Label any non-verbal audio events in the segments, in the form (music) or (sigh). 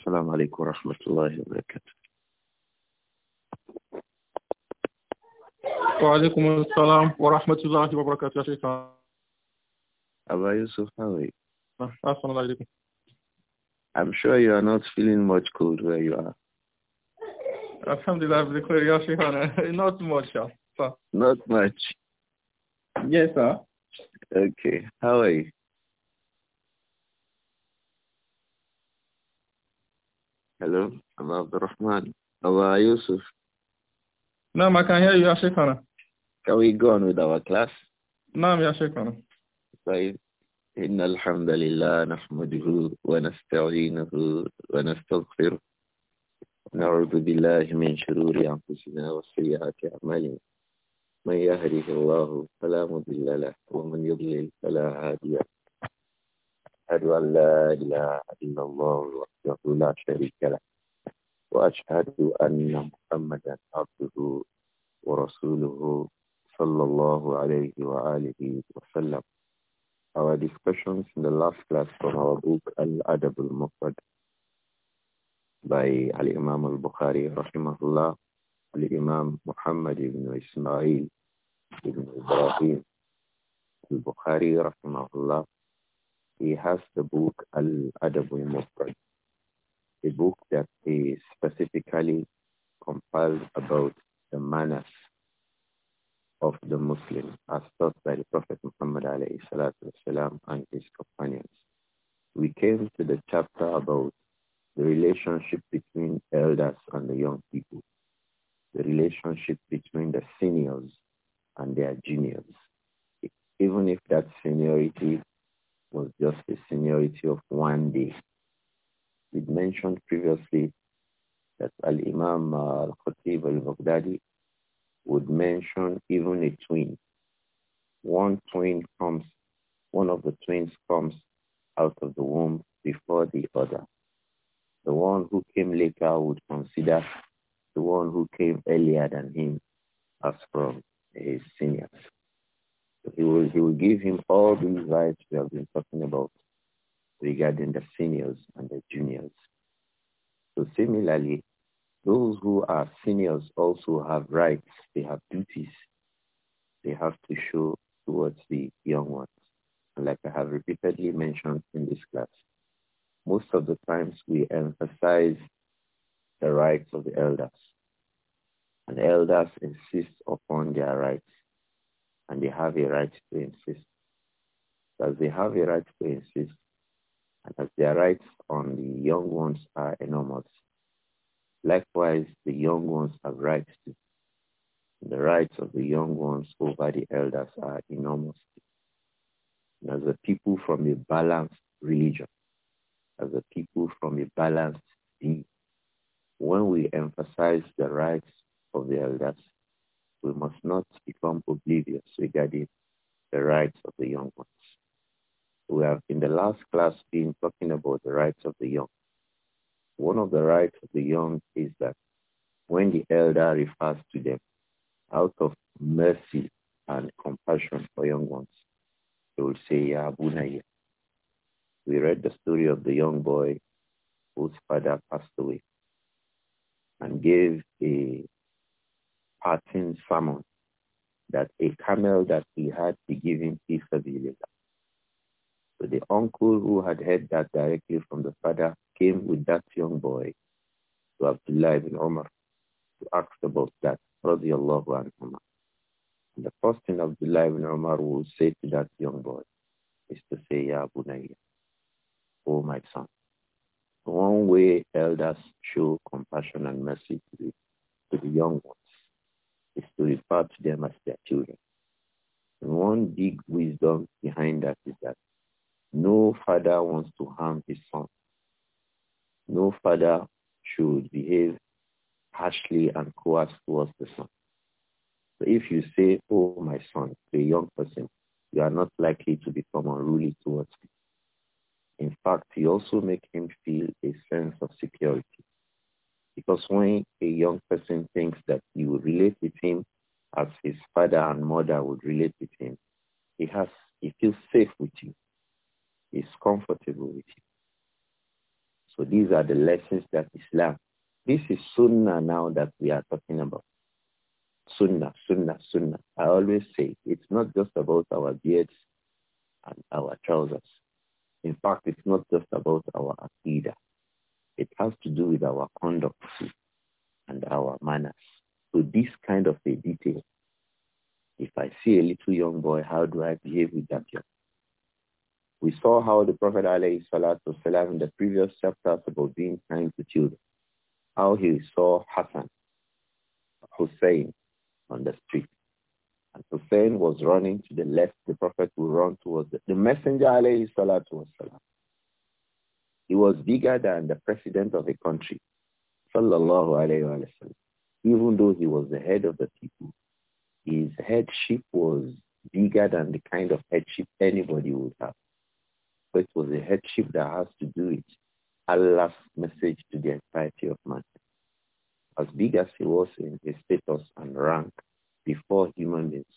السلام عليكم ورحمة الله وبركاته وعليكم السلام ورحمة الله وبركاته يا شيخ أبا يوسف how are you? عليكم I'm sure you are not feeling much cold where you are. Alhamdulillah, Bikir Yashihana. Uh, (laughs) not much, sir. Not much. Yes, sir. Okay. How are you? Hello, I'm Abdul Rahman. How Yusuf? No, I can hear you, Ashikana. Can we go on with our class? No, Ashikana. طيب إن الحمد لله نحمده ونستعينه ونستغفره نعوذ بالله من شرور أنفسنا وسيئات أعمالنا من يهده الله فلا مضل له ومن يضلل فلا هادي له أشهد أن لا إله إلا الله وحده لا شريك له وأشهد أن محمدا عبده ورسوله صلى الله عليه وآله وسلم Our discussions in the last class from our book Al-Adab al-Mufrad by Al-Imam al-Bukhari rahimahullah Al-Imam Muhammad ibn Ismail ibn Ibrahim al-Bukhari rahimahullah He has the book Al-Adabul Mufrad, a book that is specifically compiled about the manners of the Muslim as taught by the Prophet Muhammad والسلام, and his companions. We came to the chapter about the relationship between elders and the young people, the relationship between the seniors and their juniors, even if that seniority was just a seniority of one day. We mentioned previously that Al-Imam Al-Khatib Al-Baghdadi would mention even a twin. One twin comes, one of the twins comes out of the womb before the other. The one who came later would consider the one who came earlier than him as from his seniors. He will, he will give him all these rights we have been talking about regarding the seniors and the juniors. So similarly, those who are seniors also have rights. They have duties. They have to show towards the young ones. And like I have repeatedly mentioned in this class, most of the times we emphasize the rights of the elders. And elders insist upon their rights and they have a right to insist. As they have a right to insist, and as their rights on the young ones are enormous, likewise the young ones have rights The rights of the young ones over the elders are enormous. And as a people from a balanced religion, as a people from a balanced view, when we emphasize the rights of the elders, we must not become oblivious regarding the rights of the young ones. We have in the last class been talking about the rights of the young. One of the rights of the young is that when the elder refers to them out of mercy and compassion for young ones, they will say, Ya We read the story of the young boy whose father passed away and gave a parting sermon that a camel that he had be given his later. So the uncle who had heard that directly from the father came with that young boy to Abdullah ibn Omar to ask about that, And the first thing Abdullah ibn Omar will say to that young boy is to say, Ya Bunayya, my son. One way elders show compassion and mercy to the, to the young ones is to refer to them as their children. And one big wisdom behind that is that no father wants to harm his son. No father should behave harshly and coerce towards the son. So if you say, oh, my son, to a young person, you are not likely to become unruly towards him. In fact, you also make him feel a sense of security. Because when a young person thinks that you relate with him as his father and mother would relate with him, he has he feels safe with you. He's comfortable with you. So these are the lessons that Islam. This is Sunnah now that we are talking about. Sunnah, Sunnah, Sunnah. I always say it's not just about our beards and our trousers. In fact, it's not just about our Aqidah. It has to do with our conduct and our manners. So this kind of a detail, if I see a little young boy, how do I behave with that young? We saw how the Prophet alayhi was salam in the previous chapters about being kind to children, how he saw Hassan, Hussein on the street. And Hussein was running to the left, the Prophet would run towards the, the Messenger alayhi salatu wasalam he was bigger than the president of a country, sallallahu alayhi wa Even though he was the head of the people, his headship was bigger than the kind of headship anybody would have. But it was a headship that has to do with Allah's message to the entirety of man. As big as he was in his status and rank before human beings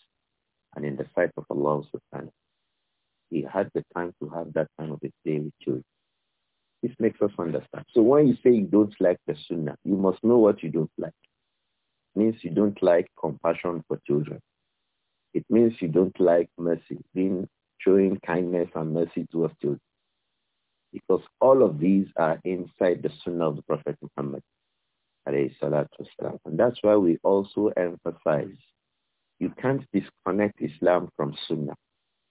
and in the sight of Allah subhanahu, he had the time to have that kind of a day with children. This makes us understand. So when you say you don't like the sunnah, you must know what you don't like. It means you don't like compassion for children. It means you don't like mercy, being showing kindness and mercy towards children. Because all of these are inside the sunnah of the Prophet Muhammad. And that's why we also emphasize you can't disconnect Islam from sunnah.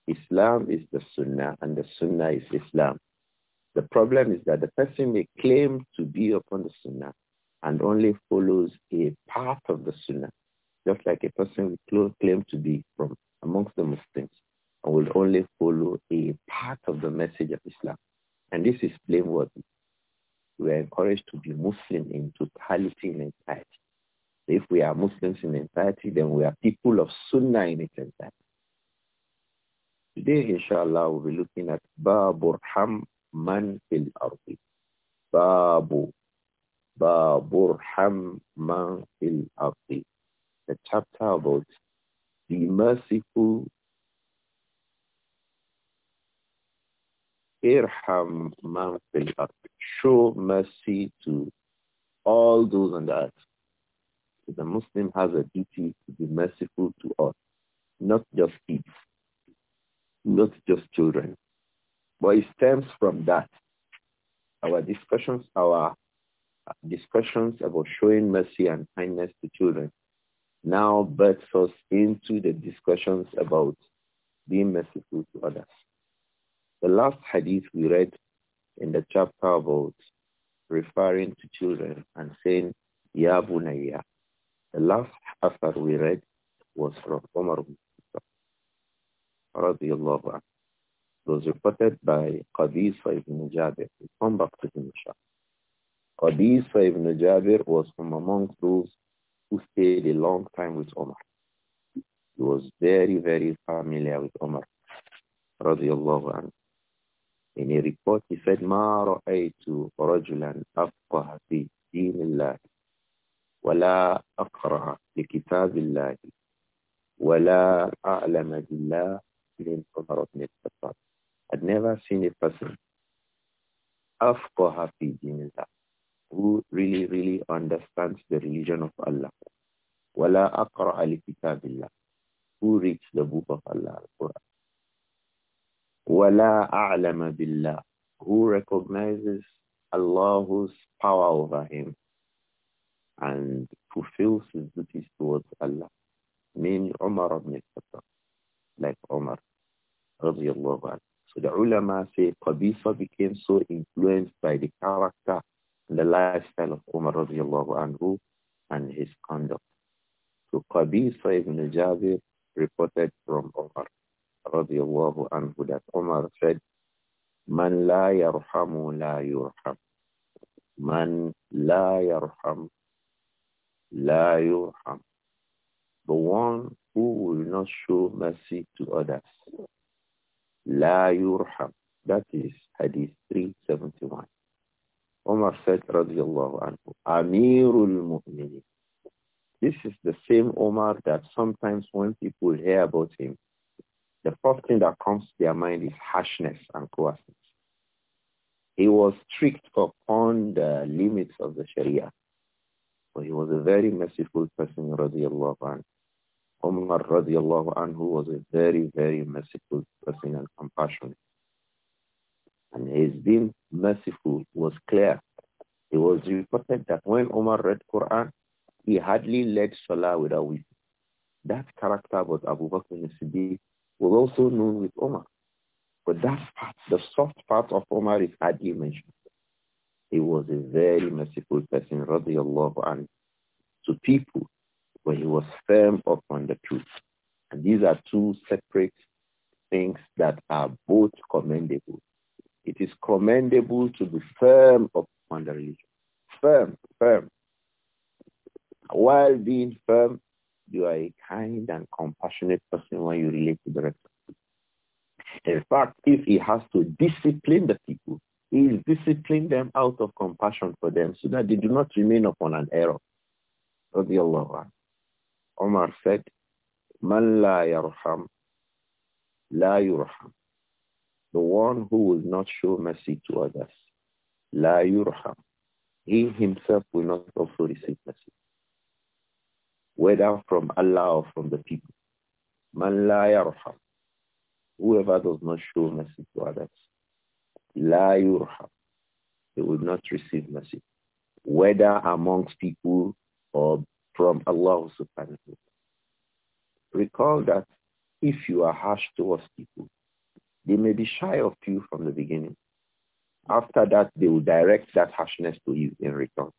Islam is the sunnah and the sunnah is Islam. The problem is that the person may claim to be upon the sunnah and only follows a part of the sunnah, just like a person will claim to be from amongst the Muslims and will only follow a part of the message of Islam. And this is blameworthy. We are encouraged to be Muslim in totality and entirety. If we are Muslims in entirety, then we are people of Sunnah in its entirety. Today, inshallah, we'll be looking at Babur Ham man fil ardi. Babu. Baburham man fil ardi. The chapter about the merciful Irham man fil ardi. Show mercy to all those on the earth. The Muslim has a duty to be merciful to us, not just kids, not just children, but it stems from that. Our discussions, our uh, discussions about showing mercy and kindness to children now births us into the discussions about being merciful to others. The last hadith we read in the chapter about referring to children and saying, Ya Bunaya," The last hadith we read was from Umar ibn Khattab, was reported by Qadifa ibn Jabir. We'll come back to him, inshallah. Qadifa ibn Jabir was from among those who stayed a long time with Omar. He was very, very familiar with Omar, radiallahu anhu. In a report, he said, ما رأيت رجلا أفقه في دين الله ولا أقرأ لكتاب الله ولا أعلم بالله من عمر بن الخطاب I'd never seen a person afqaha fi dinillah who really, really understands the religion of Allah. Wala aqra'a li kitabillah who reads the book of Allah, Al-Quran. Wala a'lama billah who recognizes Allah's power over him and fulfills his duties towards Allah. Mean Umar ibn Khattab, like Umar, radiallahu anhu. So the ulama say Qabifa became so influenced by the character and the lifestyle of Umar radiallahu anhu and his conduct. So Qabifa ibn Jabir reported from Umar radiallahu anhu that Umar said, Man la yarhamu la yurham. Man la yarham la yurham. The one who will not show mercy to others La yurham. That is Hadith 371. Omar said, radiallahu anhu, Amirul Mu'minin. This is the same Omar that sometimes when people hear about him, the first thing that comes to their mind is harshness and coarseness. He was strict upon the limits of the Sharia, but he was a very merciful person, radiallahu anhu. Umar radiallahu anhu was a very, very merciful person and compassionate. And his being merciful was clear. It was reported that when Umar read Quran, he hardly led Salah without weeping. That character was Abu Bakr al-Siddiq was also known with Umar. But that part, the soft part of Umar is hardly mentioned. He was a very merciful person, radiallahu anhu, to people but he was firm upon the truth. And these are two separate things that are both commendable. It is commendable to be firm upon the religion. Firm, firm. While being firm, you are a kind and compassionate person when you relate to the rest of people. In fact, if he has to discipline the people, he is disciplining them out of compassion for them so that they do not remain upon an error. Radiallahu anhu. Omar said, Man la yarham, la yurham. The one who will not show mercy to others, la yurham. He himself will not also receive mercy. Whether from Allah or from the people. Man la yarham. Whoever does not show mercy to others, la yurham. He will not receive mercy. Whether amongst people or from Allah subhanahu wa ta'ala. Recall that if you are harsh towards people, they may be shy of you from the beginning. After that, they will direct that harshness to you in return.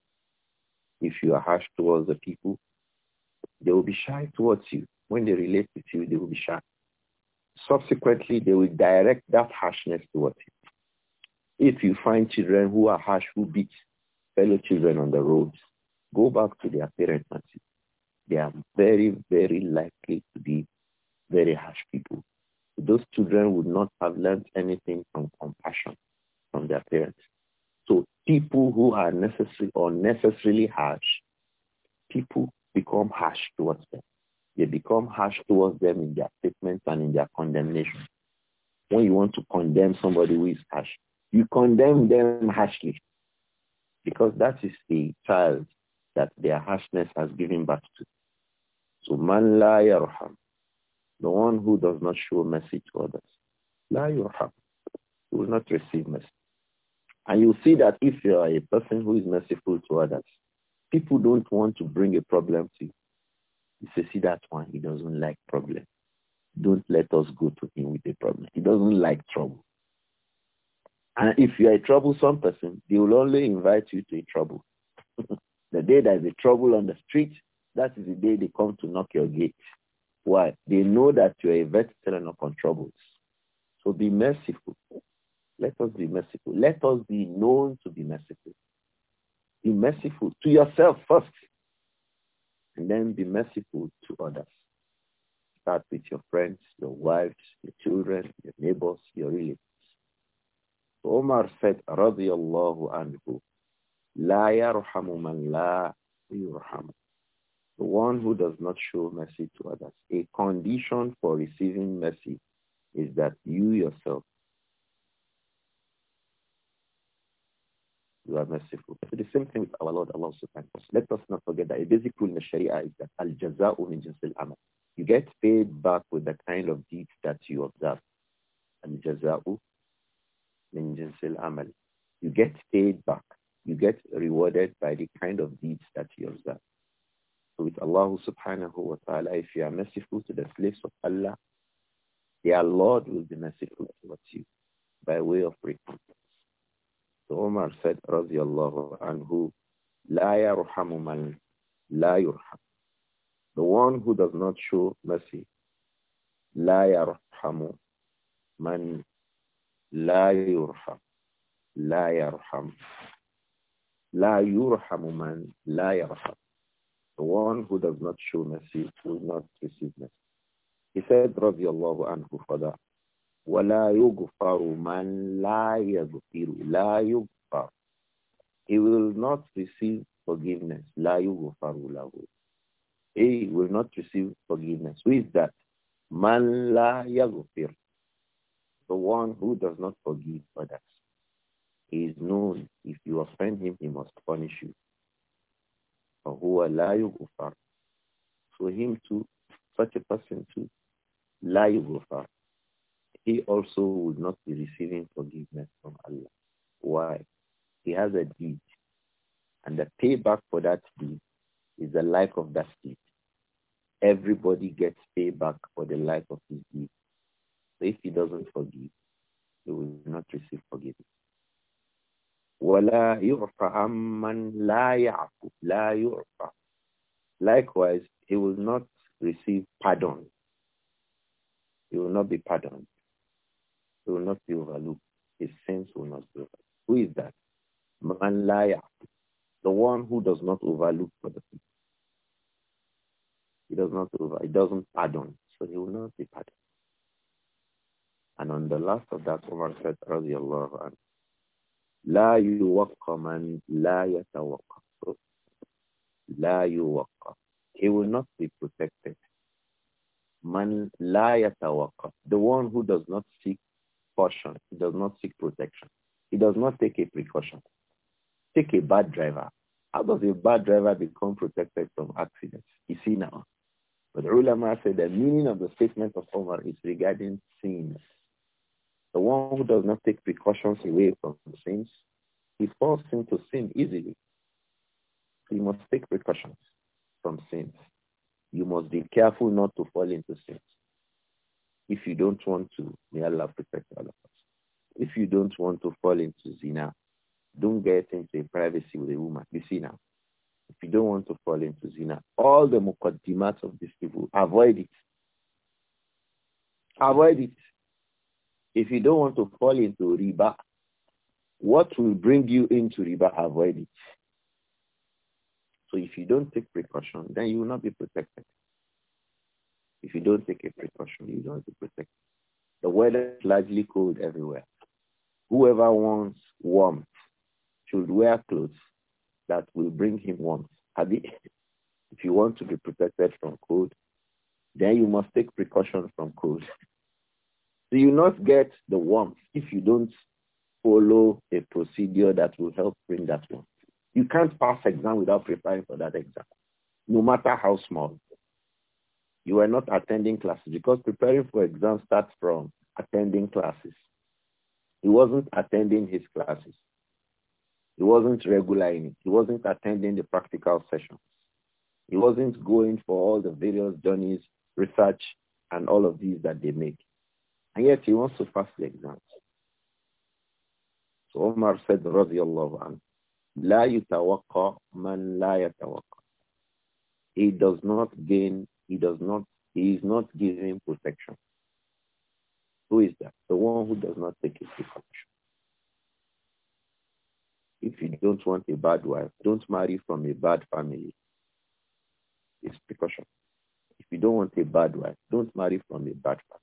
If you are harsh towards the people, they will be shy towards you. When they relate with you, they will be shy. Subsequently, they will direct that harshness towards you. If you find children who are harsh, who beat fellow children on the roads, go back to their parents and see. They are very, very likely to be very harsh people. Those children would not have learned anything from compassion from their parents. So people who are necessary or necessarily harsh, people become harsh towards them. They become harsh towards them in their statements and in their condemnation. When you want to condemn somebody who is harsh, you condemn them harshly because that is the child that their harshness has given birth to. So man la yarham, the one who does not show mercy to others, la yarham, he will not receive mercy. And you see that if you are a person who is merciful to others, people don't want to bring a problem to you. You say, see that one, he doesn't like problem. Don't let us go to him with a problem. He doesn't like trouble. And if you are a troublesome person, they will only invite you to a trouble. (laughs) The day there is a trouble on the street, that is the day they come to knock your gate. Why? They know that you are a veteran upon troubles. So be merciful. Let us be merciful. Let us be known to be merciful. Be merciful to yourself first, and then be merciful to others. Start with your friends, your wives, your children, your neighbors, your relatives. So Omar said, رضي الله عنه, La yarhamu man la yurham. The one who does not show mercy to others. A condition for receiving mercy is that you yourself, you are merciful. So the same thing with our Lord Allah subhanahu wa Let us not forget that a basic rule in the Sharia is that al-jaza'u min jinsil amal. You get paid back with the kind of deeds that you observe. Al-jaza'u min jinsil amal. You get paid back you get rewarded by the kind of deeds that you observe. So with Allah subhanahu wa ta'ala, if you are merciful to the slaves of Allah, their Lord will be merciful towards you by way of repentance. So Omar said, radiallahu anhu, la yarhamu man la yurham. The one who does not show mercy, la yarhamu man la yurham. La yarham La yurhamu man la yarham. The one who does not show mercy will not receive mercy. He said, الله عنه fada, وَلَا يُغْفَرُ مَنْ لَا يَغْفِرُ لَا يُغْفَرُ He will not receive forgiveness. لَا يُغْفَرُ لَهُ He will not receive forgiveness. Who is that? مَنْ لَا يَغْفِرُ The one who does not forgive others is known. If you offend him, he must punish you. فَهُوَ لَا يُغْفَرُ So him too, such a person too, لَا يُغْفَرُ He also would not be receiving forgiveness from Allah. Why? He has a deed. And the payback for that deed is the life of that deed. Everybody gets payback for the life of his deed. So if he doesn't forgive, he will not receive forgiveness. وَلَا يُعْفَ عَمَّنْ لَا يَعْفُ لَا يُعْفَ Likewise, he will not receive pardon. He will not be pardoned. He will not be overlooked. His sins will not be overlooked. Who is that? Man la ya'fu. The one who does not overlook for the people. He does not over, he doesn't pardon. So he will not be pardoned. And on the last of that, Umar said, Allah. لا يوقع من لا يتوقع لا يوقع he will not be protected man لا يتوقع the one who does not seek caution he does not seek protection he does not take a precaution take a bad driver how does a bad driver become protected from accidents you see now but the ulama said the meaning of the statement of Omar is regarding sins the one who does not take precautions away from sins, he falls into sin easily. You must take precautions from sins. You must be careful not to fall into sins. If you don't want to, may Allah protect all of us. If you don't want to fall into zina, don't get into privacy with a woman. You see now, if you don't want to fall into zina, all the mukaddimat of this people, avoid it. Avoid it. If you don't want to fall into riba, what will bring you into riba? Avoid it. So if you don't take precaution, then you will not be protected. If you don't take a precaution, you don't be protected. The weather is largely cold everywhere. Whoever wants warmth should wear clothes that will bring him warmth. If you want to be protected from cold, then you must take precaution from cold. (laughs) do you not get the warmth if you don't follow a procedure that will help bring that warmth. You can't pass exam without preparing for that exam, no matter how small. You are not attending classes because preparing for exam starts from attending classes. He wasn't attending his classes. He wasn't regular in it. He wasn't attending the practical sessions. He wasn't going for all the various journeys, research, and all of these that they make. And yet he wants to pass the exam. So Omar said, radiallahu anhu, لا يتوقع من لا He does not gain, he does not, he is not given protection. Who is that? The one who does not take his protection. If you don't want a bad wife, don't marry from a bad family. It's precaution. If you don't want a bad wife, don't marry from a bad family.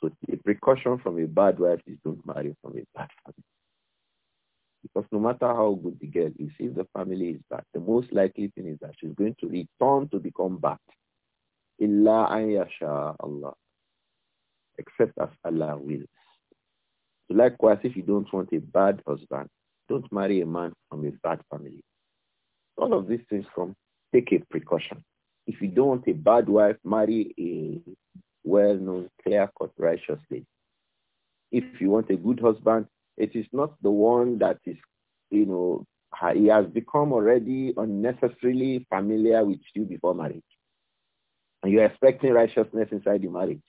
So the precaution from a bad wife is don't marry from a bad family. Because no matter how good the girl is, if the family is bad, the most likely thing is that she's going to return to become bad. Illa an yasha Allah. Except as Allah wills. So likewise, if you don't want a bad husband, don't marry a man from a bad family. All of these things come, take a precaution. If you don't want a bad wife, marry a well-known, clear-cut righteousness. If you want a good husband, it is not the one that is, you know, he has become already unnecessarily familiar with you before marriage. And you're expecting righteousness inside the marriage.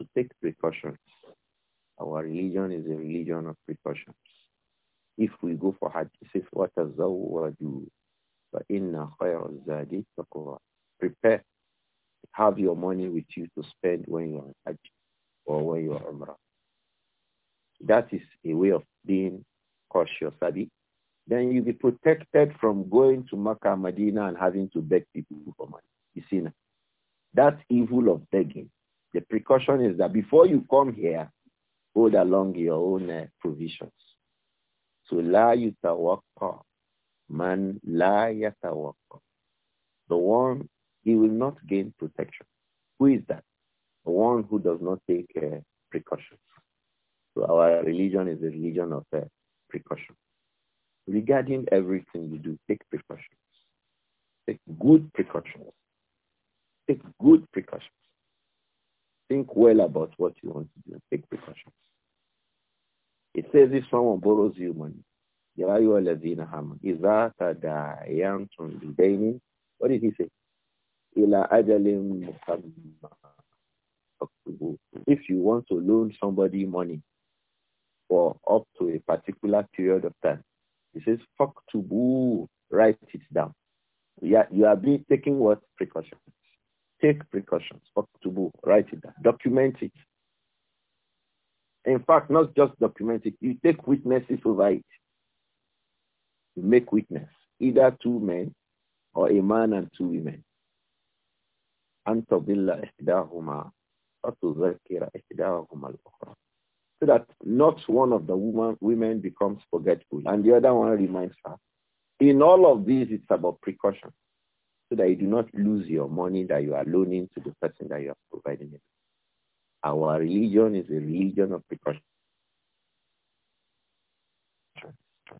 So take precautions. Our religion is a religion of precautions. If we go for Hajj, it says, وَتَزَوَّدُوا فَإِنَّ خَيْرَ Prepare have your money with you to spend when you are Hajj or when you are Umrah. That is a way of being cautious, Abi. Then you'll be protected from going to Makkah, Medina and having to beg people for money. You see now? That's evil of begging. The precaution is that before you come here, hold along your own uh, provisions. So la yutawakka, man la yatawakka. The one he will not gain protection. Who is that? The one who does not take uh, precautions. So our religion is a religion of uh, precaution. Regarding everything you do, take precautions. Take good precautions. Take good precautions. Think well about what you want to do. Take precautions. It says if someone borrows you money, what did he say? If you want to loan somebody money for up to a particular period of time, he says faktubu, write it down. Yeah, you are being taking what precautions? Take precautions. Faktubu, write it down. Document it. In fact, not just document it. You take witnesses over it. You make witness, either two men or a man and two women. أن تضل إحداهما فتذكر إحداهما الأخرى so that not one of the woman, women becomes forgetful and the other one reminds her. In all of these, it's about precaution so that you do not lose your money that you are loaning to the person that you are providing it. Our religion is a religion of precaution.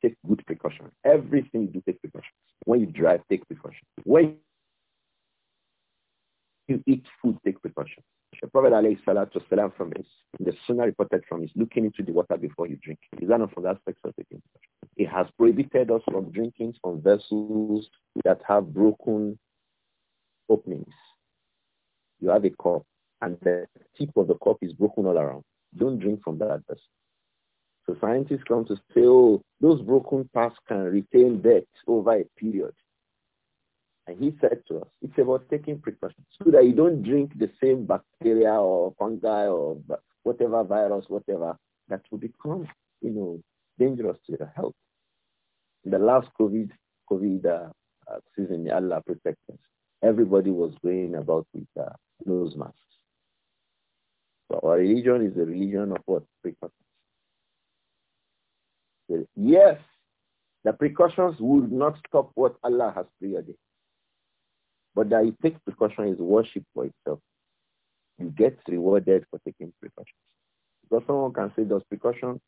Take good precaution. Everything you do, take precaution. When you drive, take precaution. When you eat food, take precautions. The Prophet والسلام, from his, the sunnah reported from is looking into the water before you drink. Is that not from the aspects of taking precautions? It has prohibited us from drinking from vessels that have broken openings. You have a cup and the tip of the cup is broken all around. Don't drink from that vessel. So scientists come to say, oh, those broken parts can retain debt over a period. And he said to us, it's about taking precautions so that you don't drink the same bacteria or fungi or whatever virus, whatever, that will become, you know, dangerous to your health. the last COVID, COVID uh, uh, season, Allah protect us. Everybody was going about with uh, nose masks. So our religion is a religion of what? Precautions. Yes, the precautions would not stop what Allah has preordained. But that you take precaution is worship for itself. You get rewarded for taking precautions. Because someone can say, does precaution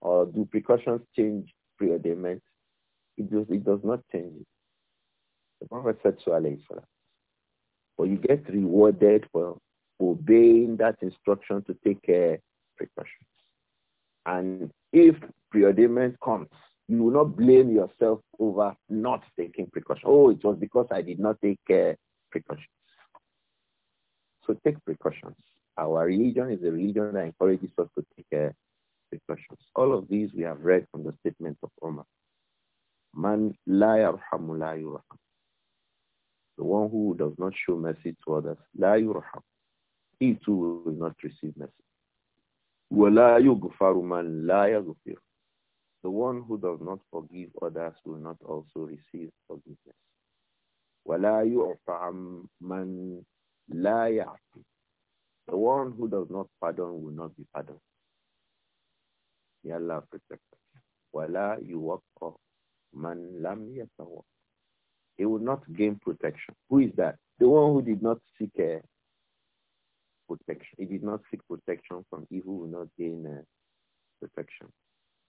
or do precautions change preordainment? It does, it does not change it. The Prophet said to Allah, but you get rewarded for obeying that instruction to take care precautions. And if preordainment comes, you will not blame yourself over not taking precautions. Oh, it was because I did not take uh, precautions. So take precautions. Our religion is a religion that encourages us to take uh, precautions. All of these we have read from the statement of Omar. Man la yarhamu la yurham. The one who does not show mercy to others, la yurham. He too will not receive mercy. وَلَا يُغْفَرُ man لَا يَغْفِرُ the one who does not forgive others will not also receive forgiveness. you يُعْفَ مَنْ لَا يَعْفِ The one who does not pardon will not be pardoned. May Allah protect us. وَلَا يُوَقَّ مَنْ لَمْ يَتَوَقَّ He will not gain protection. Who is that? The one who did not seek a uh, protection. He did not seek protection from evil will not gain uh, protection.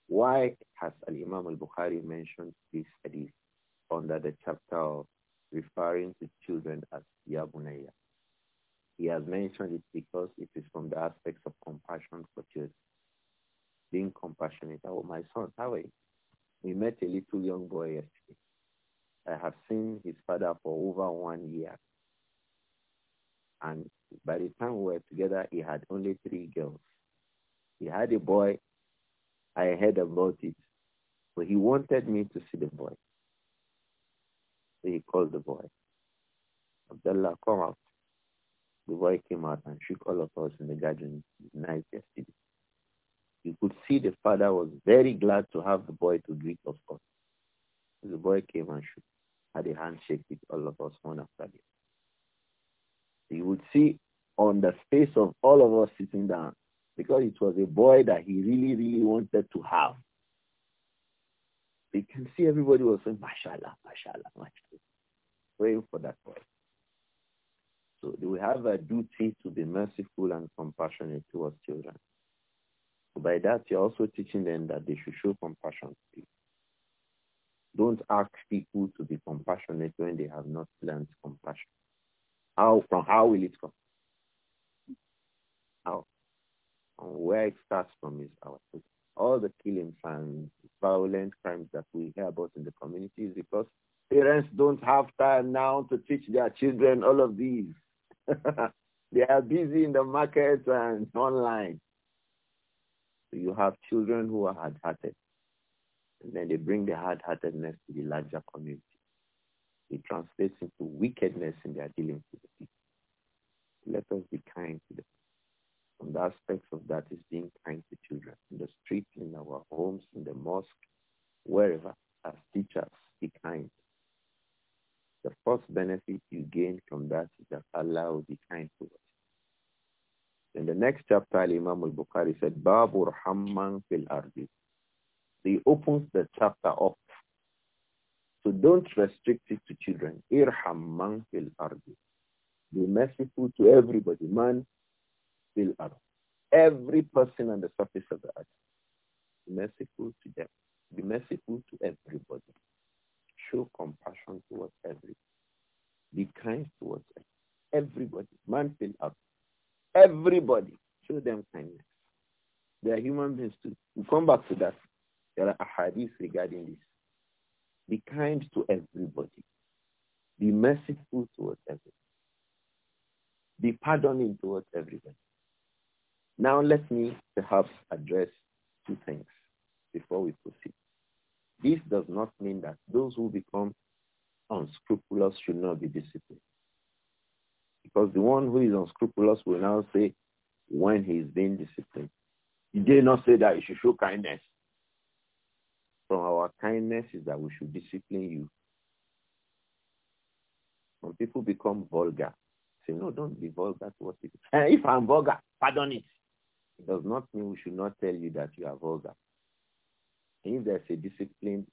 Why has Al-Imam al-Bukhari mentioned this hadith under the chapter of referring to children as Yabunaya? He has mentioned it because it is from the aspects of compassion for children. Being compassionate. Oh, my son, how are you? We met a little young boy yesterday. I have seen his father for over one year. And by the time we were together, he had only three girls. He had a boy I heard about it. so he wanted me to see the boy. So he called the boy. Abdullah, come out. The boy came out and shook all of us in the garden night yesterday. You could see the father was very glad to have the boy to greet us all. The boy came and shook, had a handshake with all of us one after the other. You would see on the face of all of us sitting down because it was a boy that he really, really wanted to have. You can see everybody was saying, mashallah, mashallah, mashallah, praying for that boy. So we have a duty to be merciful and compassionate towards children. By that, you're also teaching them that they should show compassion to people. Don't ask people to be compassionate when they have not learned compassion. How, from how will it come? How? And where it starts from is our All the killings and violent crimes that we hear about in the community is because parents don't have time now to teach their children all of these. (laughs) they are busy in the market and online. So you have children who are hard-hearted. And then they bring the hard-heartedness to the larger community. It translates into wickedness in their dealings with the people. Let us be kind to the the aspects of that is being kind to children in the streets, in our homes, in the mosque, wherever, as teachers, be kind. The first benefit you gain from that is that Allah will be kind to us. In the next chapter, Imam al-Bukhari said, Babu Rahman fil Ardi. He opens the chapter up. So don't restrict it to children. Irham man fil Ardi. Be merciful to everybody, man fil ard. Every person on the surface of the earth. Be merciful to them. Be merciful to everybody. Show compassion towards everybody. Be kind towards everybody. Man fill up Everybody. Show them kindness. They are human beings too. we come back to that. There are hadiths regarding this. Be kind to everybody. Be merciful towards everybody. Be pardoning towards everybody. Now let me perhaps address two things before we proceed. This does not mean that those who become unscrupulous should not be disciplined. Because the one who is unscrupulous will now say, when he is being disciplined, he did not say that you should show kindness. From our kindness is that we should discipline you. When people become vulgar, say, no, don't be vulgar towards people. if I'm vulgar, pardon it. It does not mean we should not tell you that you are vulgar. And If there's a discipline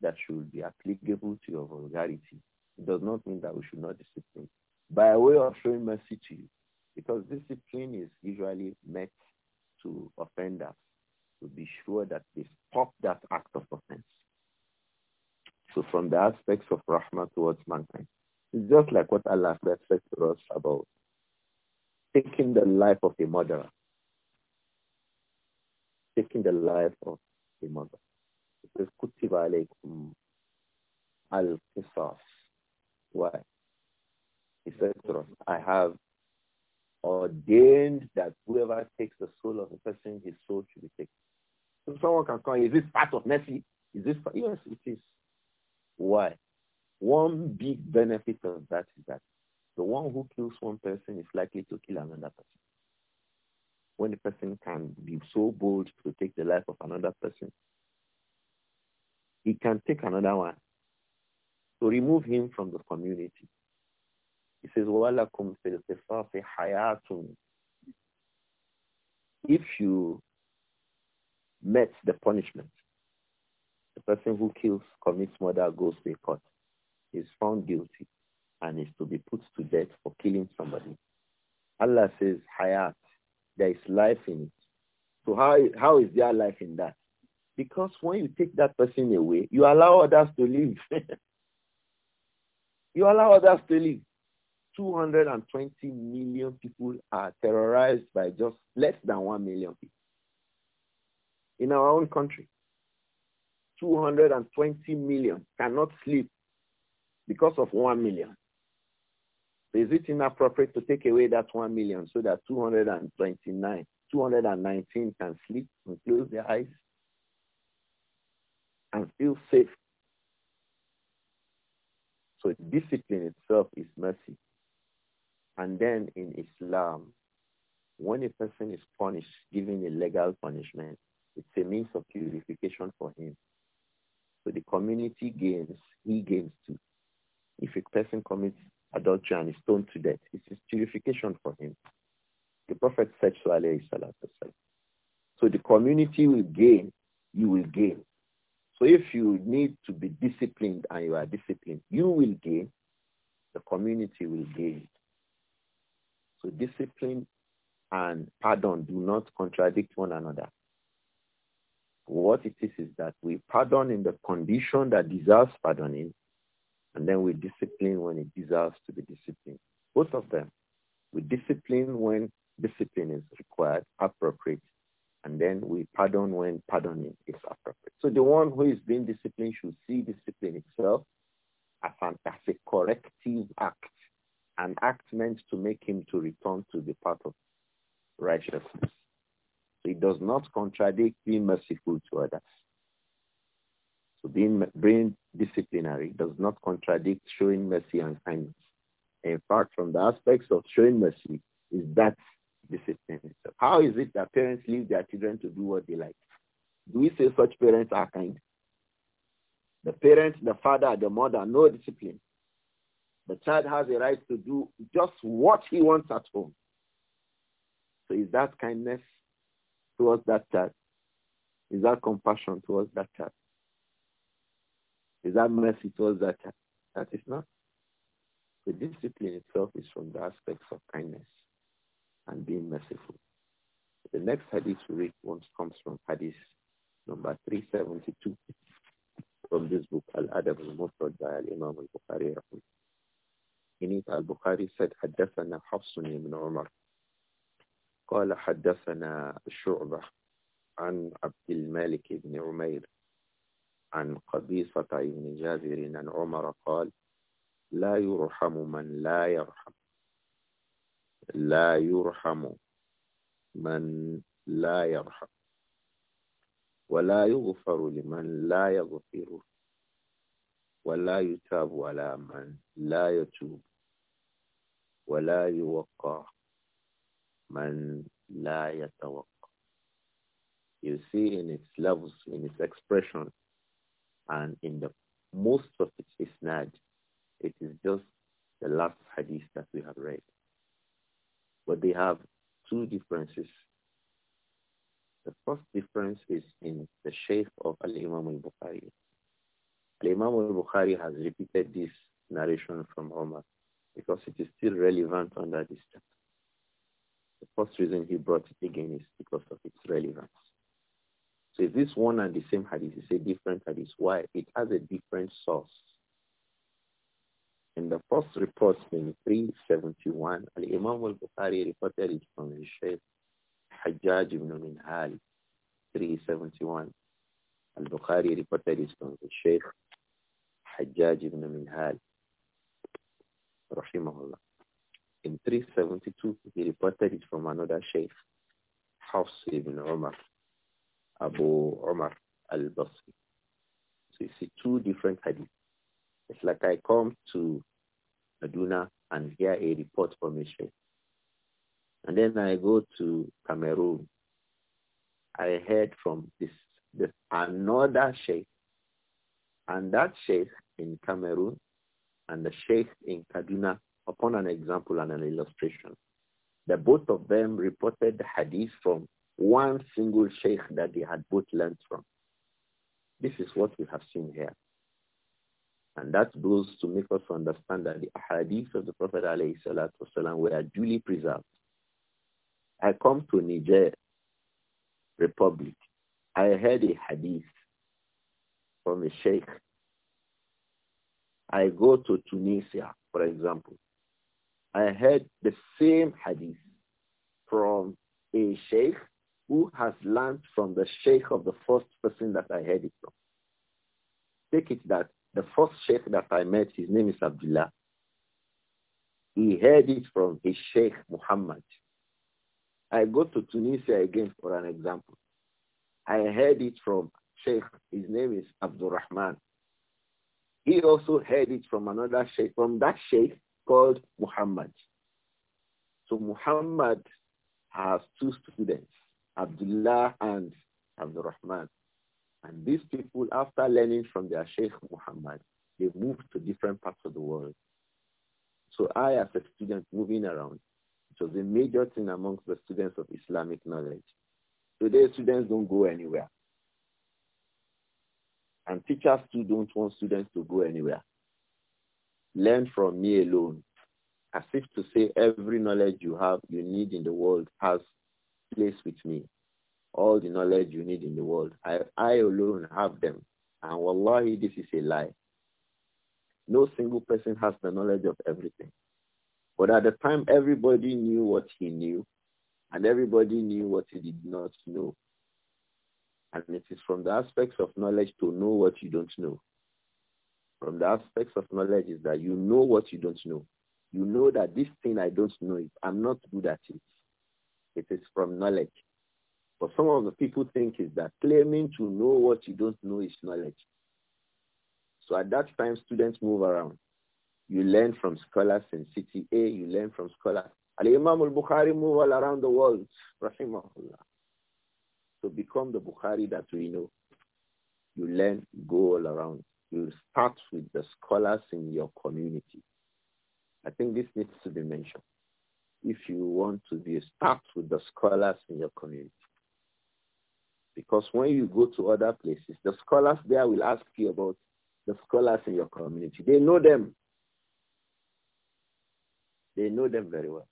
that should be applicable to your vulgarity, it does not mean that we should not discipline. By way of showing mercy to you, because discipline is usually meant to offenders to be sure that they stop that act of offense. So from the aspects of rahmah towards mankind, it's just like what Allah said to us about taking the life of a murderer taking the life of the mother. It says, Kutiba alaykum mm, al Why? He said to us, I have ordained that whoever takes the soul of a person, his soul should be taken. So someone can say, is this part of mercy? Is this part? Yes, it is. Why? One big benefit of that is that the one who kills one person is likely to kill another person when a person can be so bold to take the life of another person, he can take another one to remove him from the community. He says, وَلَكُمْ فِي If you met the punishment, the person who kills, commits murder, goes to court, is found guilty and is to be put to death for killing somebody. Allah says, Hayat, there is life in it. So how, how is there life in that? Because when you take that person away, you allow others to live. (laughs) you allow others to live. 220 million people are terrorized by just less than 1 million people in our own country. 220 million cannot sleep because of 1 million is it inappropriate to take away that 1 million so that 229, 219 can sleep and close their eyes and feel safe? So discipline itself is mercy. And then in Islam, when a person is punished, given a legal punishment, it's a means of purification for him. So the community gains, he gains too. If a person commits adultery and is stoned to death. It is purification for him. The Prophet said to alayhi salatu So the community will gain, you will gain. So if you need to be disciplined and you are disciplined, you will gain, the community will gain. So discipline and pardon do not contradict one another. What it is is that we pardon in the condition that deserves pardoning and then we discipline when it deserves to be disciplined. Both of them. We discipline when discipline is required, appropriate, and then we pardon when pardoning is appropriate. So the one who is being disciplined should see discipline itself as, an, as a corrective act, an act meant to make him to return to the path of righteousness. So it does not contradict being merciful to others. So being, being disciplinary does not contradict showing mercy and kindness. In fact, from the aspects of showing mercy is that discipline itself. How is it that parents leave their children to do what they like? Do we say such parents are kind? The parents, the father, the mother, no discipline. The child has a right to do just what he wants at home. So is that kindness towards that child? Is that compassion towards that child? Is that mercy towards that? That is not. The discipline itself is from the aspects of kindness and being merciful. The next hadith we read once comes from hadith number 372 from this book, Al-Adab al-Mufrad by al imam al-Bukhari. In it, al-Bukhari said, حدثنا حفص بن umar. قال حدثنا شعبة عن عبد الملك بن عمير عن قبيصة بن جابر أن عمر قال لا يرحم من لا يرحم لا يرحم من لا يرحم ولا يغفر لمن لا يغفر ولا يتاب على من لا يتوب ولا يوقع من لا يتوقع You see in its levels, in its expressions, and in the most of its isnad, it is just the last hadith that we have read. But they have two differences. The first difference is in the shape of Al-Imam al-Bukhari. Al-Imam al-Bukhari has repeated this narration from Omar because it is still relevant under this chapter. The first reason he brought it again is because of its relevance. So if this one and the same hadith is a different hadith, why? It has a different source. In the first report in 371, Al-Imam al-Bukhari reported it from the Shaykh Hajjaj ibn Minhal, 371. Al-Bukhari reported it from the Shaykh Hajjaj ibn Minhal, rahimahullah. In 372, he reported it from another Shaykh, Hafs ibn Umar, Abu Omar al-Basri. So you see two different hadith. It's like I come to Aduna and hear a report from a sheikh. And then I go to Cameroon. I heard from this, this another sheikh. And that sheikh in Cameroon and the sheikh in Kaduna upon an example and an illustration. The both of them reported the hadith from one single sheikh that they had both learned from. This is what we have seen here. And that goes to make us understand that the hadiths of the Prophet والسلام, were duly preserved. I come to Niger Republic. I heard a hadith from a sheikh. I go to Tunisia, for example. I heard the same hadith from a sheikh who has learned from the sheikh of the first person that I heard it from. Take it that the first sheikh that I met, his name is Abdullah. He heard it from his sheikh Muhammad. I go to Tunisia again for an example. I heard it from sheikh, his name is Abdurrahman. Rahman. He also heard it from another sheikh, from that sheikh called Muhammad. So Muhammad has two students. Abdullah and Abdul Rahman. And these people, after learning from their Sheikh Muhammad, they moved to different parts of the world. So I, as a student moving around, it was a major thing amongst the students of Islamic knowledge. Today, students don't go anywhere. And teachers too don't want students to go anywhere. Learn from me alone. As if to say every knowledge you have, you need in the world has place with me all the knowledge you need in the world. I, I alone have them. And wallahi, this is a lie. No single person has the knowledge of everything. But at the time, everybody knew what he knew, and everybody knew what he did not know. And it is from the aspects of knowledge to know what you don't know. From the aspects of knowledge is that you know what you don't know. You know that this thing I don't know it. I'm not good at it. It is from knowledge. But some of the people think is that claiming to know what you don't know is knowledge. So at that time, students move around. You learn from scholars in City A, you learn from scholars. Al-Imam al-Bukhari move all around the world, rahimahullah. So become the Bukhari that we know. You learn, go all around. You start with the scholars in your community. I think this needs to be mentioned if you want to be, start with the scholars in your community. Because when you go to other places, the scholars there will ask you about the scholars in your community. They know them. They know them very well.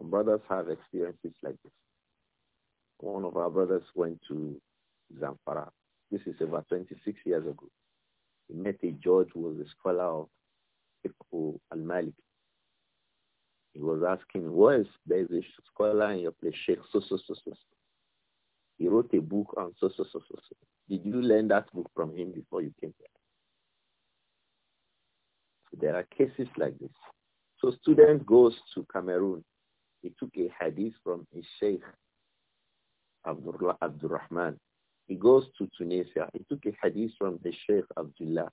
Our brothers have experiences like this. One of our brothers went to Zamfara. This is about 26 years ago. He met a judge who was a scholar of al-Maliki he was asking, where is there is a scholar in your place, Sheikh so so so so. He wrote a book on so so so so so. Did you learn that book from him before you came here? So there are cases like this. So student goes to Cameroon. He took a hadith from his Sheikh Abdullah Abdurrahman. He goes to Tunisia. He took a hadith from his Sheikh Abdullah.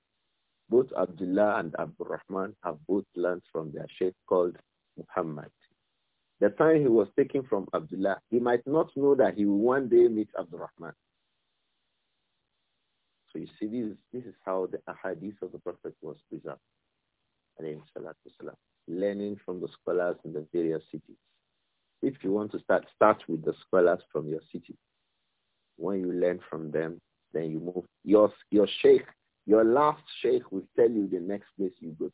Both Abdullah and Abdurrahman have both learned from their Sheikh called Muhammad. The time he was taken from Abdullah, he might not know that he will one day meet Abdurrahman. So you see, this, this is how the ahadith of the Prophet was preserved. Learning from the scholars in the various cities. If you want to start, start with the scholars from your city. When you learn from them, then you move. Your, your sheikh, your last sheikh will tell you the next place you go to.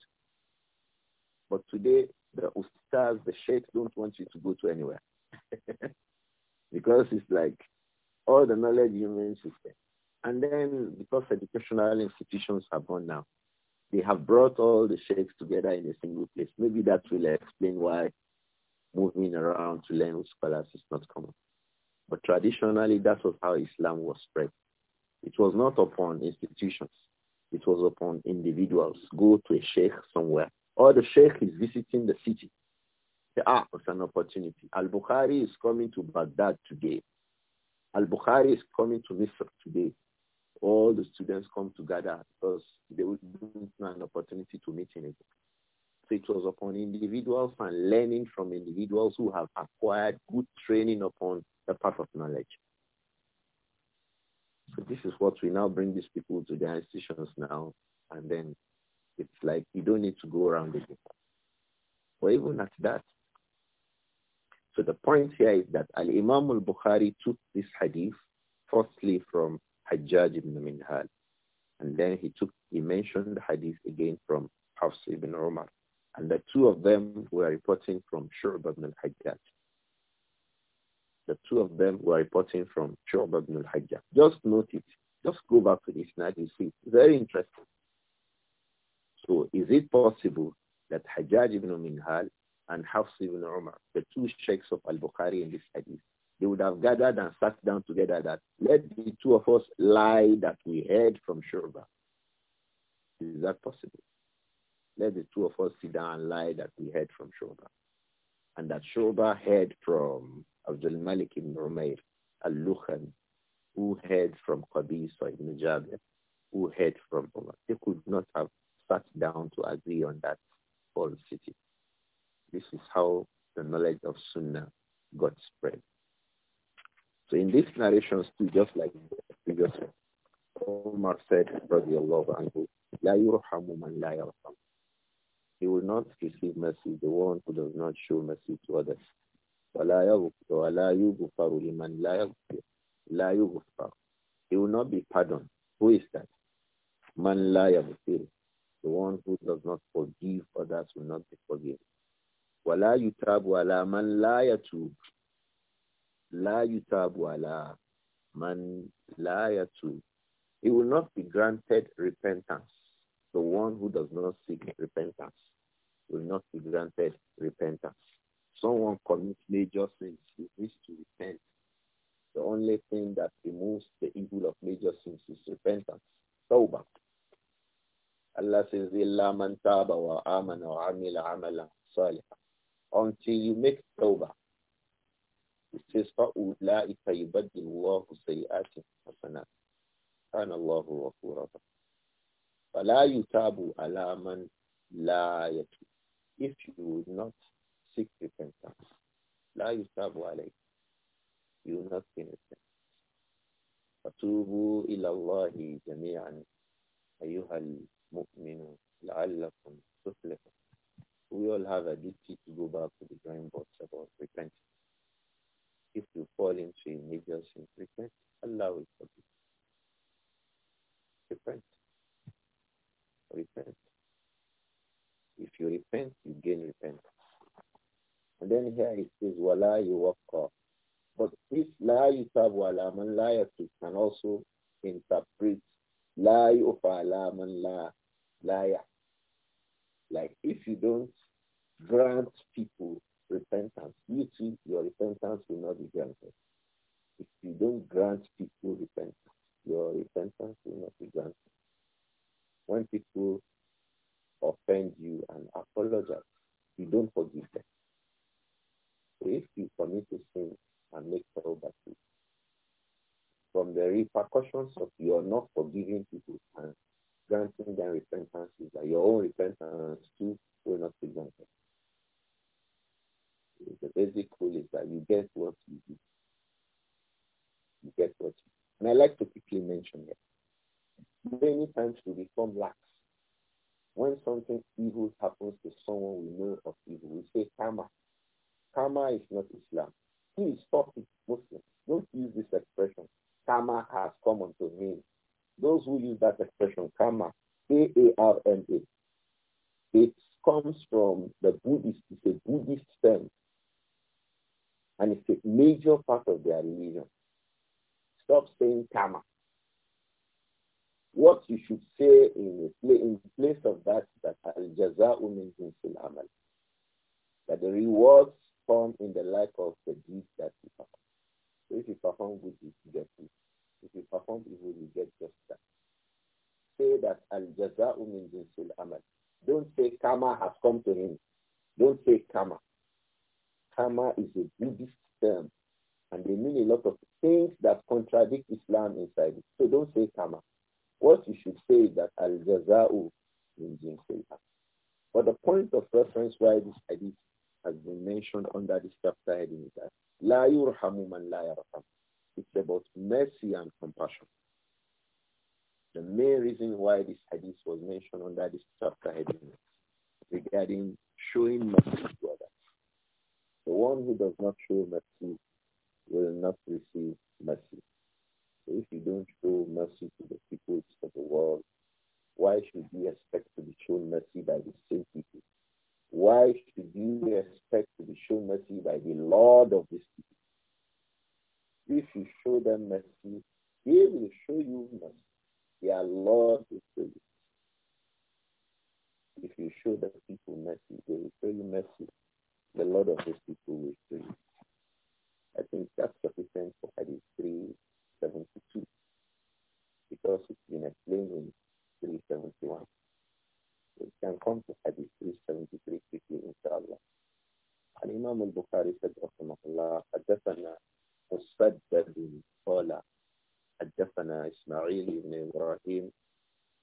But today, the ustas, the sheikhs don't want you to go to anywhere. (laughs) because it's like all the knowledge you stay. And then because educational institutions have gone now, they have brought all the sheikhs together in a single place. Maybe that will explain why moving around to learn scholars is not common. But traditionally, that was how Islam was spread. It was not upon institutions. It was upon individuals. Go to a sheikh somewhere or the sheikh is visiting the city. Ah, it's an opportunity. Al-Bukhari is coming to Baghdad today. Al-Bukhari is coming to Misr today. All the students come together because they would have an opportunity to meet him. So it was upon individuals and learning from individuals who have acquired good training upon the path of knowledge. So this is what we now bring these people to their institutions now and then it's like you don't need to go around again. Or even at that. So the point here is that Al-Imam al-Bukhari took this hadith firstly from Hajjaj ibn Minhal. And then he took, he mentioned the hadith again from Hafs ibn Umar. And the two of them were reporting from Shu'b ibn al-Hajjaj. The two of them were reporting from Shu'b ibn al-Hajjaj. Just note it. Just go back to this night. You see, very interesting. So is it possible that Hajjaj ibn Minhal and Hafs ibn Umar, the two sheikhs of Al-Bukhari in this hadith, they would have gathered and sat down together that let the two of us lie that we heard from Shurba. Is that possible? Let the two of us sit down and lie that we heard from Shurba. And that Shurba heard from Abdul Malik ibn Umair al-Lukhan, who heard from Qabis ibn Jabir, who heard from Umar. They could not have sat down to agree on that policy. This is how the knowledge of Sunnah got spread. So in this narration too, just like previous Omar said, radiallahu anhu, He will not receive mercy, the one who does not show mercy to others. He will not be pardoned. Who is that? Man la yaghfir. The one who does not forgive others will not be forgiven. وَلَا يُتَابُ عَلَى مَنْ لَا يَتُوبُ لَا يُتَابُ عَلَى مَنْ لَا يَتُوبُ He will not be granted repentance. The one who does not seek repentance will not be granted repentance. Someone commits major sins, he needs to repent. The only thing that removes the evil of major sins is repentance, tawbah. So Allah says, إِلَّا مَنْ تَابَ وَآمَنَ وَعَمِلَ عَمَلًا صَالِحًا Until you make tawbah. It says, فَأُولَٰئِكَ يُبَدِّلُ اللَّهُ سَيِّئَاتِهِمْ حَسَنَاتٍ كَانَ اللَّهُ غَفُورًا فَلَا يُتَابُ عَلَى مَنْ لَا يَتُوبُ If you would not seek repentance, لَا يُتَابُ عَلَيْكَ You will not be repentant. فَتُوبُوا إِلَى اللَّهِ جَمِيعًا أَيُّهَا la'allakum tuflihun. We all have a duty to go back to the drawing board about repentance. If you fall into a major sin, repent. Allah will forgive. Repent. Repent. If you repent, you gain repentance. And then here it says, wala yuwakka. But this la yutab wala man la yatub can also interpret la yufa ala man la liar. Like if you don't grant people repentance, you too, your repentance will not be granted. If you don't grant people repentance, your repentance will not be granted. When people offend you and apologize, you don't forgive them. So if you commit a sin and make tawbah from the repercussions of your not forgiving people and granting them repentance is that your own repentance too will not be granted. The basic rule is that you get what you do. You get what you do. And I like to quickly mention that many times we become lax. When something evil happens to someone we know of evil, we say karma. Karma is not Islam. Please stop it, Muslims. Don't use this expression. Karma has come unto me those who use that expression, karma, K-A-R-M-A, it comes from the Buddhist, it's a Buddhist term. And it's a major part of their religion. Stop saying karma. What you should say in, in place of that is that al-jaza'u min amal. That the rewards come in the life of the deeds that you perform. So if you perform good deeds, you get karma has come to him. Don't say karma. Karma is a Buddhist term, and they mean a lot of things that contradict Islam inside it. So don't say karma. What you should say is that al-jaza'u min jinsil But the point of reference why this hadith has been mentioned under this chapter heading is that la yurhamu man la yarham. It's about mercy and compassion. The main reason why this hadith was mentioned under this chapter heading regarding showing mercy to others. The one who does not show mercy will not receive mercy. So if you don't show mercy to the people of the world, why should you expect to be shown mercy by the same people? Why should you expect to be shown mercy by the Lord of this people? If you show them mercy, he will show you mercy. Their Lord will show you. If you show the people mercy, they will show you mercy. The Lord of these people will show you. I think that's sufficient for Hadith 372 because it's been explained in 371. We can come to Hadith 373 quickly, inshallah. Imam الإمام البخاري سيد رحمه الله حدثنا مسدد قال حدثنا Ismail ibn Ibrahim.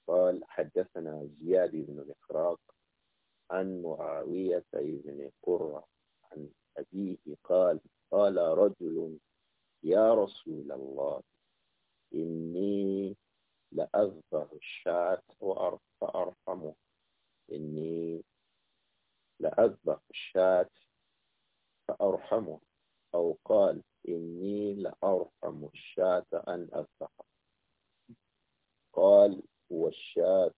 قال حدثنا زياد بن الإخراق عن معاوية بن قرة عن أبيه قال قال رجل يا رسول الله إني لأذبح الشاة فأرحمه إني لأذبح الشاة فأرحمه أو قال إني لأرحم الشاة أن أذبحه قال والشاة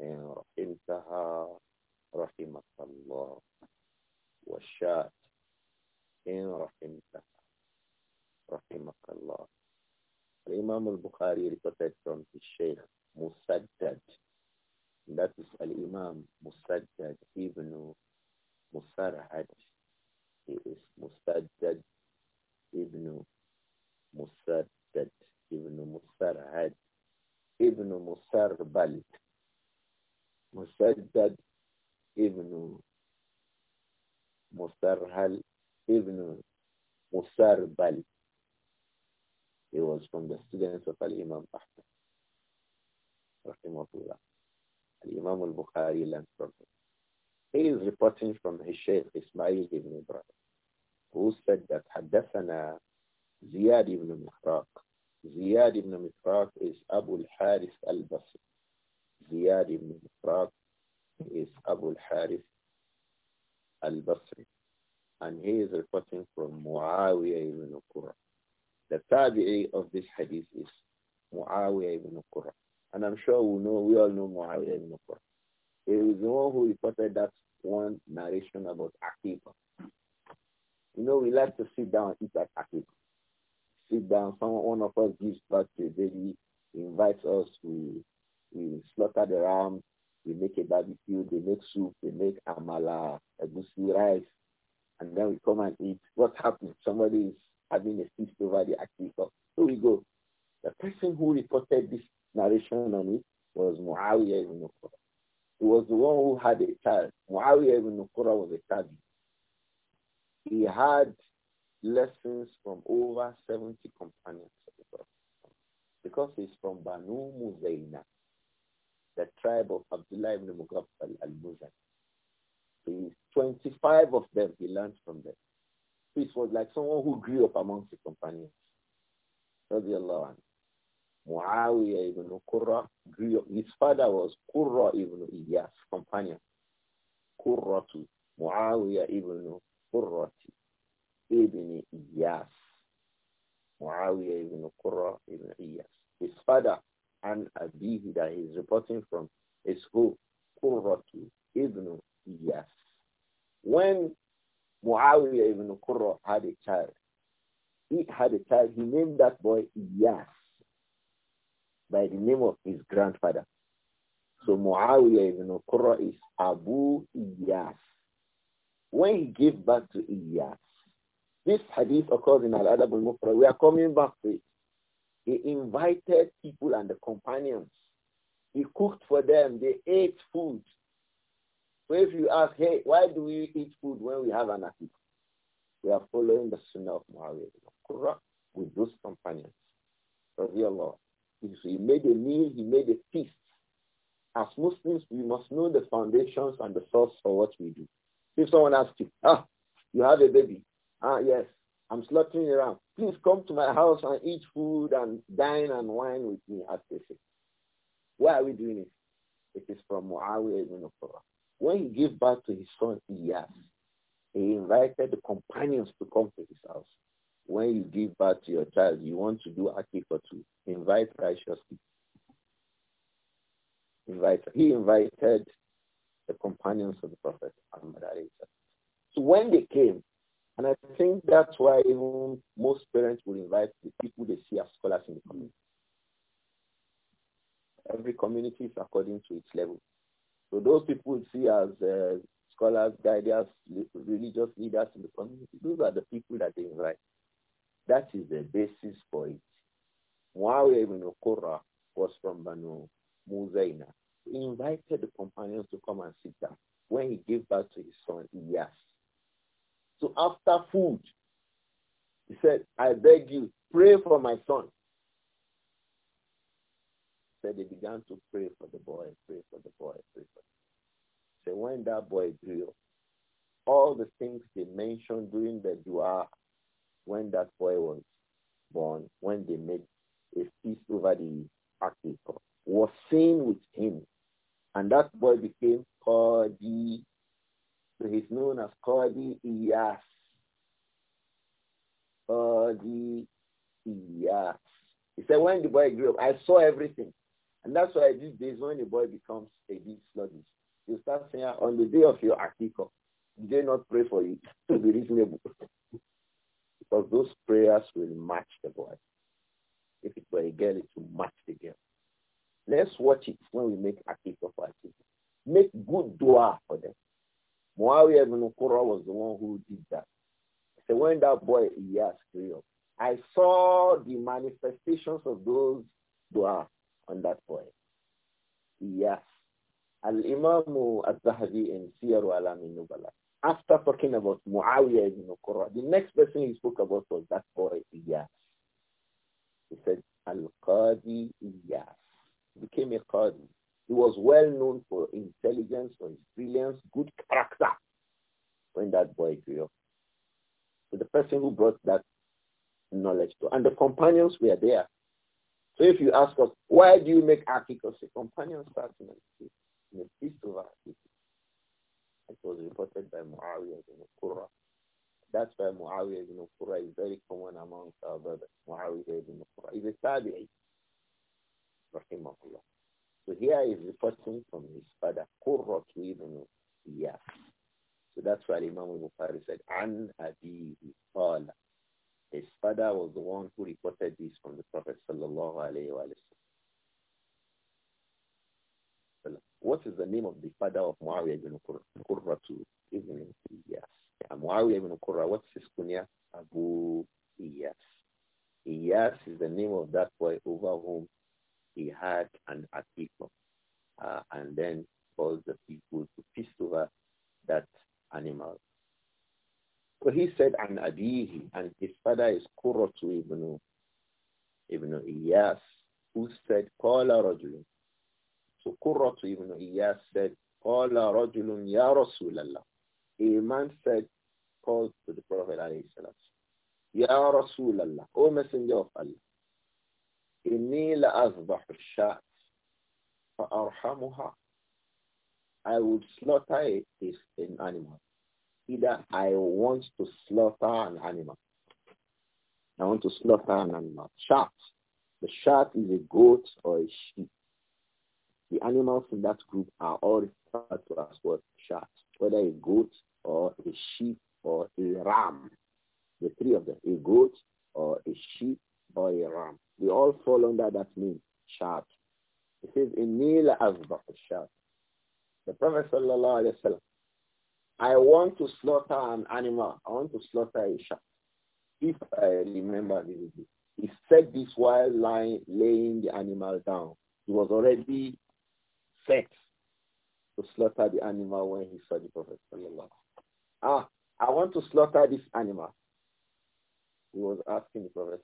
إن رحمتها رحمك الله والشاة إن رحمتها رحمك الله الإمام البخاري reported في الشيخ مسدد Musaddad الإمام مسدد ابن مسرعد he مسدد ابن مسدد ابن مسرعد ibn Musarbal, Musaddad ibn Musarhal ibn Musarbal. He was from the students of Al-Imam Ahmad. Rahimahullah. Al-Imam al-Bukhari learned from him. He is reporting from his sheikh Ismail ibn Ibrahim, who said that حدثنا زياد ibn Muhraq Ziyad ibn Mitraq is Abu al haris al-Basri. Ziyad ibn Mitraq is Abu al haris al-Basri. And he is reporting from Muawiyah ibn Qura. The tabi'i of this hadith is Muawiyah ibn Qura. And I'm sure we know, we all know Muawiyah ibn Qura. He was the one who reported that one narration about Aqiqah. You know, we like to sit down and eat at Aqiqah sit down, someone one of us gives back to the baby, invites us, we, we slaughter the ram, we make a barbecue, they make soup, they make amala, a egusi rice, and then we come and eat. What happens? Somebody is having a feast over the Akiko. So we go. The person who reported this narration on it was Muawiyah ibn Qura. He was the one who had a child. Muawiyah ibn Qura was a tabi. He had lessons from over 70 companions because he's from Banu Muzayna, the tribe of Abdullah ibn Mughaffal al-Muzani. He's 25 of them he learned from them. This was like someone who grew up amongst the companions. Muawiyah ibn Qurra grew up. His father was Qurra ibn Iyas, companion. Qurratu. Muawiyah ibn Qurrati ibn Iyas. Muawiyah ibn al-Kura ibn Iyas. His father and Abihi that is reporting from is who? Qurratu ibn Iyas. When Muawiyah ibn al-Kura had a child, he had a child, he named that boy Iyas by the name of his grandfather. So Muawiyah ibn al-Kura is Abu Iyas. When he gave birth to Iyas, this hadith occurs in Al-Adab al-Mufra. We are coming back to it. He invited people and the companions. He cooked for them. They ate food. So if you ask, hey, why do we eat food when we have an appeal? We are following the sunnah of Muhammad with those companions. Allah. He made a meal, he made a feast. As Muslims, we must know the foundations and the source for what we do. If someone asks you, ah, you have a baby, Ah, yes, I'm slaughtering a ram. Please come to my house and eat food and dine and wine with me, as they say. Why are we doing it? It is from Muawiyah ibn When he gave birth to his son yes, he invited the companions to come to his house. When you give birth to your child, you want to do too. Invite righteous people. Invite, he invited the companions of the Prophet Muhammad So when they came, and I think that's why even most parents will invite the people they see as scholars in the community. Every community is according to its level. So those people see as uh, scholars, guiders, religious leaders in the community, those are the people that they invite. That is the basis for it. Muawiyah ibn Qurra was from Banu Muzaina. He invited the companions to come and sit down. When he gave birth to his son, he asked after food, he said, I beg you, pray for my son. He said they began to pray for the boy, pray for the boy, pray for the boy. So when that boy grew all the things they mentioned during the dua when that boy was born, when they made a feast over the article, was seen with him. And that boy became called known as Qadi Iyas. Qadi yes. He said, when the boy grew up, I saw everything. And that's why these days when the boy becomes a bit sluggish, you start saying, on the day of your did they not pray for you (laughs) to be reasonable. because those prayers will match the boy. If it were a girl, it will match the girl. Let's watch it when we make akiko. Muawiyah ibn Qurra was the one who did that. So when that boy Iyas grew up, I saw the manifestations of those dua on that boy. Iyas. Al-Imam al-Zahabi in Siyar al Nubala. After talking about Muawiyah ibn Qurra, the next person he spoke about was that boy Iyas. He said, Al-Qadi Iyas. Became a Qadi. He was well known for intelligence, for his brilliance, person who brought that knowledge to. And the companions were there. So if you ask us, why do you make articles? The companions Ibn, Ibn Iyas, who said, Qala Rajulun. So Qurratu Ibn Iyas said, Qala Rajulun Ya Rasulallah. A man said, called to the Prophet alayhi salam, Ya Rasulallah, O Messenger of Allah, إني لأذبح الشاة فأرحمها I would slaughter a, an animal. Either I want to slaughter an animal I want to slaughter an animal. Shark. The shark is a goat or a sheep. The animals in that group are all referred to as what sharks, whether a goat or a sheep or a ram. The three of them, a goat or a sheep or a ram. They all fall under that name, shark. It says, Inil azbaq shat. The Prophet sallallahu alayhi wa sallam, I want to slaughter an animal. I want to slaughter a shark if I remember vividly, he said this while lying, laying the animal down. He was already set to slaughter the animal when he saw the Prophet. Ah, I want to slaughter this animal. He was asking the Prophet.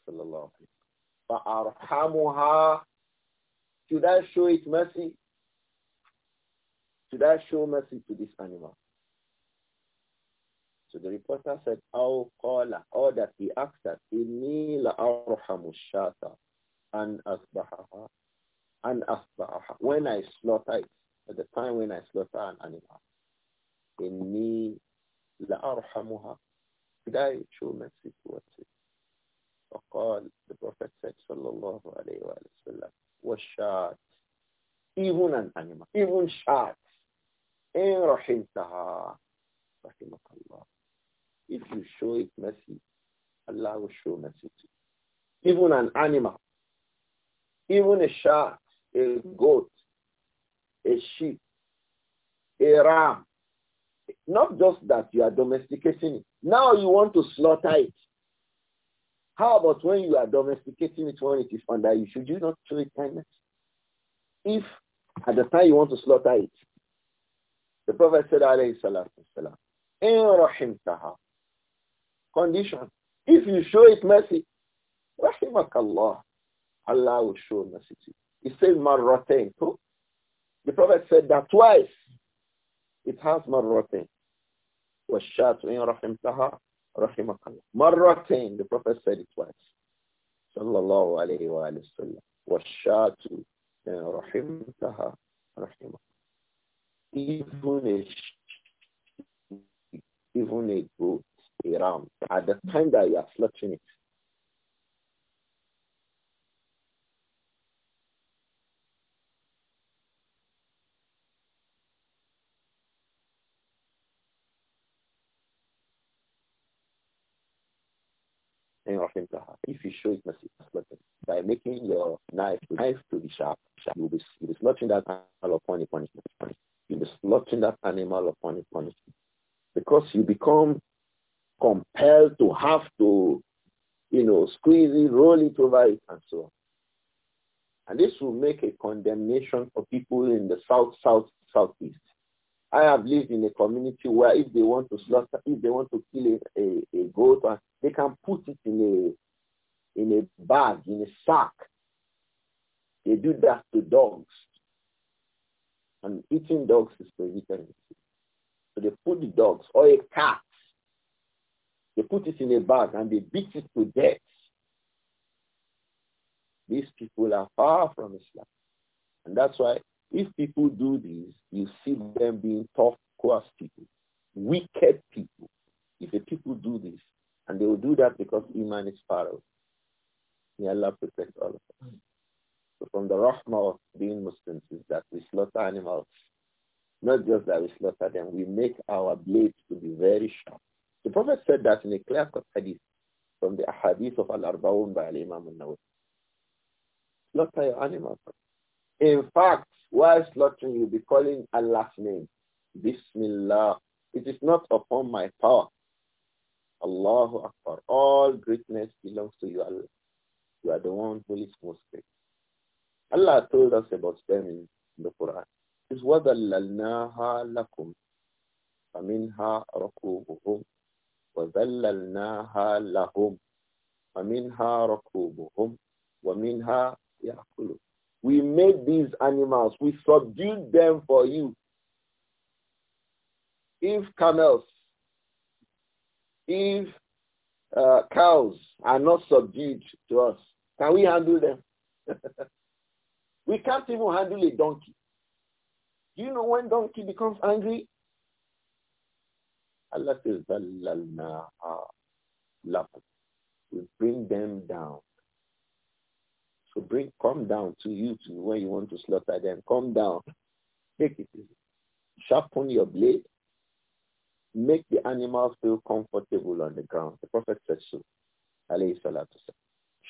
فَأَرْحَمُهَا Should I show it mercy? Should I show mercy to this animal? the reporter said, "Aw qala," or that he asked that, "Inni la arhamu shata an asbahaha an asbahaha." When I slaughter it, at the time when I slaughter an animal, inni la arhamuha. Did I show mercy towards it? فقال the Prophet said صلى الله عليه وسلم والشات even an animal even shat إن رحمتها رحمك الله if you show it mercy, Allah will show mercy to you. Even an animal, even a shark, a goat, a sheep, a ram. Not just that you are domesticating it. Now you want to slaughter it. How about when you are domesticating it when it is under you? Should you not show it kindness? If at the time you want to slaughter it, the Prophet said, alayhi salatu wasalam, Condition. If you show it mercy, rahimakallah, Allah will show mercy to you. He says marratain. The Prophet said that twice. It has marratain. وَالشَّاتُ إِن رَحِمْتَهَا رَحِمَكَ اللَّهُ Marratain, the Prophet said it twice. Sallallahu alayhi wa sallam. وَالشَّاتُ إِن رَحِمْتَهَا Even a even a goat Iran. at the hmm. time that you are slaughtering it. If you show it mercy, by making your knife knife to be sharp, you'll be, you'll be slaughtering that animal upon a punishment. You'll be slaughtering that animal upon a punishment. Because you become compelled to have to, you know, squeeze it, roll it over it, and so on. And this will make a condemnation for people in the south, south, southeast. I have lived in a community where if they want to slaughter, if they want to kill a, a, a goat, uh, they can put it in a in a bag, in a sack. They do that to dogs. And eating dogs is prohibited. So they put the dogs or a cat they put it in a bag and they beat it to death. These people are far from Islam. And that's why if people do this, you see them being tough, coarse people, wicked people. If the people do this, and they will do that because Iman is far away. May Allah protect all of us. So from the rahmah of being Muslims is that we slaughter animals. Not just that we slaughter them, we make our blades to be very sharp. The Prophet said that in a clear-cut hadith from the hadith of Al-Arba'un by Al-Imam Al-Nawawi. Slaughter your animals. In fact, while slaughtering, you'll be calling Allah's name. Bismillah. It is not upon my power. Allahu Akbar. All greatness belongs to you, Allah. You are the one who is most great. Allah told us about them in the Quran. It's وَذَلَّلْنَاهَا لَكُمْ فَمِنْهَا رَكُوبُهُمْ وَذَلَّلْنَاهَا لَهُمْ وَمِنْهَا رَكُوبُهُمْ وَمِنْهَا يَأْكُلُونَ We made these animals, we subdued them for you. If camels, if uh, cows are not subdued to us, can we handle them? (laughs) we can't even handle a donkey. Do you know when donkey becomes angry? Allah says, We bring them down. So bring, come down to you to when you want to slaughter them. Come down. take it easy. Sharpen your blade. Make the animals feel comfortable on the ground. The Prophet said so.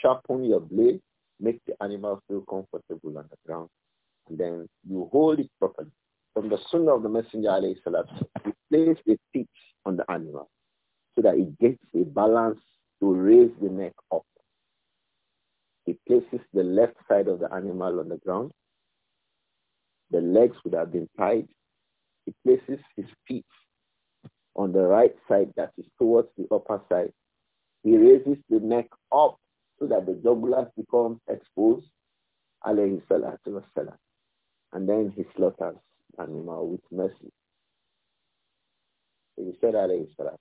Sharpen your blade. Make the animals feel comfortable on the ground. And then you hold it properly from the sunnah of the Messenger alayhi salatu, he placed the feet on the animal so that it gets a balance to raise the neck up. He places the left side of the animal on the ground. The legs would have been tied. He places his feet on the right side that is towards the upper side. He raises the neck up so that the jugular becomes exposed, And then he slaughters animal with mercy. He said, alayhi salatu